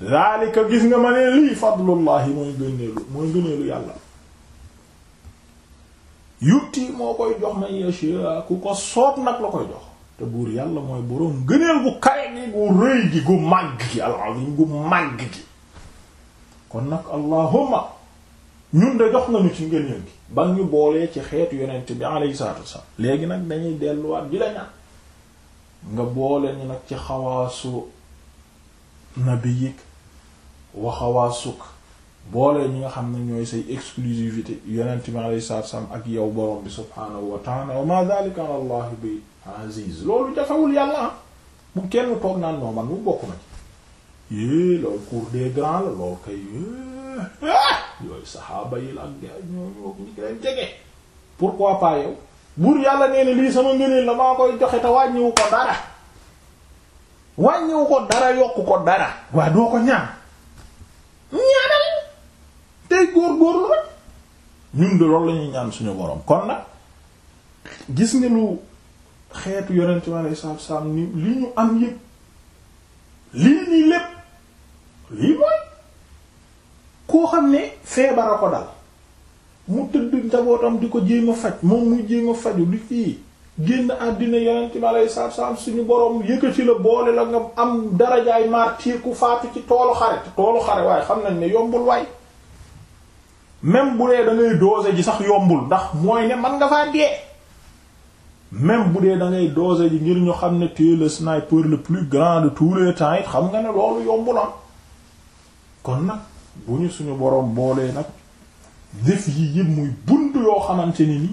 dhalika gis nga ma nee lii fadlullahi mooy gëneelu mooy gëneelu yàlla yutti moo koy jox man yasha ku ko soob nag la koy jox te buur yàlla mooy boroom gëneel gu kare gi gu rëy gi gu màgg gi al azim gu màgg gi kon nag allahumma ñun de jox nañu ci ngëneel gi ba ñu boolee ci xeet yonent bi alayhi saatu wasalaam léegi nag dañuy delluwaat di la nga boole ñu nag ci xawaasu nabiyik wa xawaasuk boole ñi nga xam ne ñooy say exclusivité yonent bi alayhi salaatu wasalaam ak yow borom bi subhaanahu wa wa ma dhalika ala allah bi aziz loolu jafewul yàlla bu kenn toog naan noo man mu bokk na ci yée loolu cours des grands la loolu kay ah, yooyu saxaaba yi la ak gaa ñoo ñoo ñi ki leen jege pourquoi pas yow buur yàlla nee na lii sama ngëneel la maa koy joxe te wàññiwu ko dara wàññiwu ko dara yokku ko dara waa doo ko ñaan ñaanal tey góor-góorlu rek ñun de loolu la ñaan suñu borom kon nag gis nga lu xeetu yonent mi alei saatuu salaam ni li ñu am yëpp lii nii lépp lii mooy koo xam ne feebar ko dal mu tëdd njabootam di ko jéem a faj moom mu jéem a faju li fii génn àddina yonent bi aleyhi salaatu salaam suñu borom yëkkati la boole la nga am darajaay martyr ku faatu ci toolu xare toolu xare waaye xam nañ ne yombul waay même bu dee da ngay doose ji sax yombul ndax mooy ne man nga faa dee même bu dee da ngay doose ji ngir ñu xam ne tu es le sniper le plus grand tout le les temps xam nga ne loolu yombul ah. kon nag bu ñu suñu borom boolee nag def yi yëpp muy bunt yoo xamante ni ni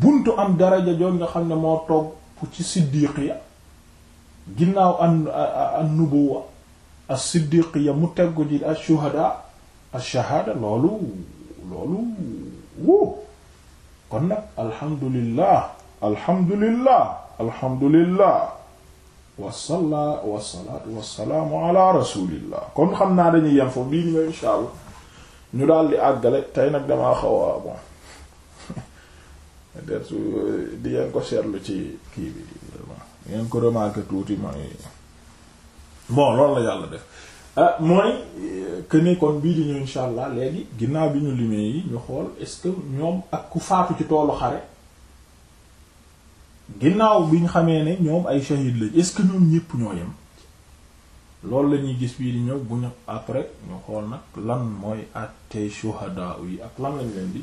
buntu am daraja joon nga xam ne moo toog ci siddiqiya ginnaaw an nubuwa as-siddiqiya mu teggu ji ash-shuhada ash-shahada loolu loolu wóo kon nag alhamdulillah alhamdulillah alhamdulillah wasala wasalaatu wasalaamu ala rasulillah kon xam naa dañuy yem foofu bii ni nga insha ñu daal di àggale tey nag damaa xaw a bon det di ngeen ko seetlu ci kii bi di ngeen ko remarqué tuuti mooy bon loolu la yàlla def ah, mooy que kon bii di ñu insha allah ginnaaw bi ñu limee yi ñu xool est-ce ñoom ak ku faatu ci toolu xare ginnaaw bi ñu xamee ne ñoom ay shahid lañ est ñoom ñépp ñoo yem loolu la ñuy gis bii di ñëw bu ñu après ñu xool nag lan mooy àttee shuhadaa yi ak lan lañ leen di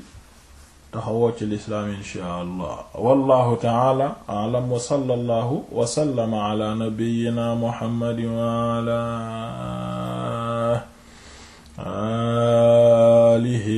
taxawoo ci lislaam inshaa allah wallahu taala alam wa sallallahu wa wa ala alihi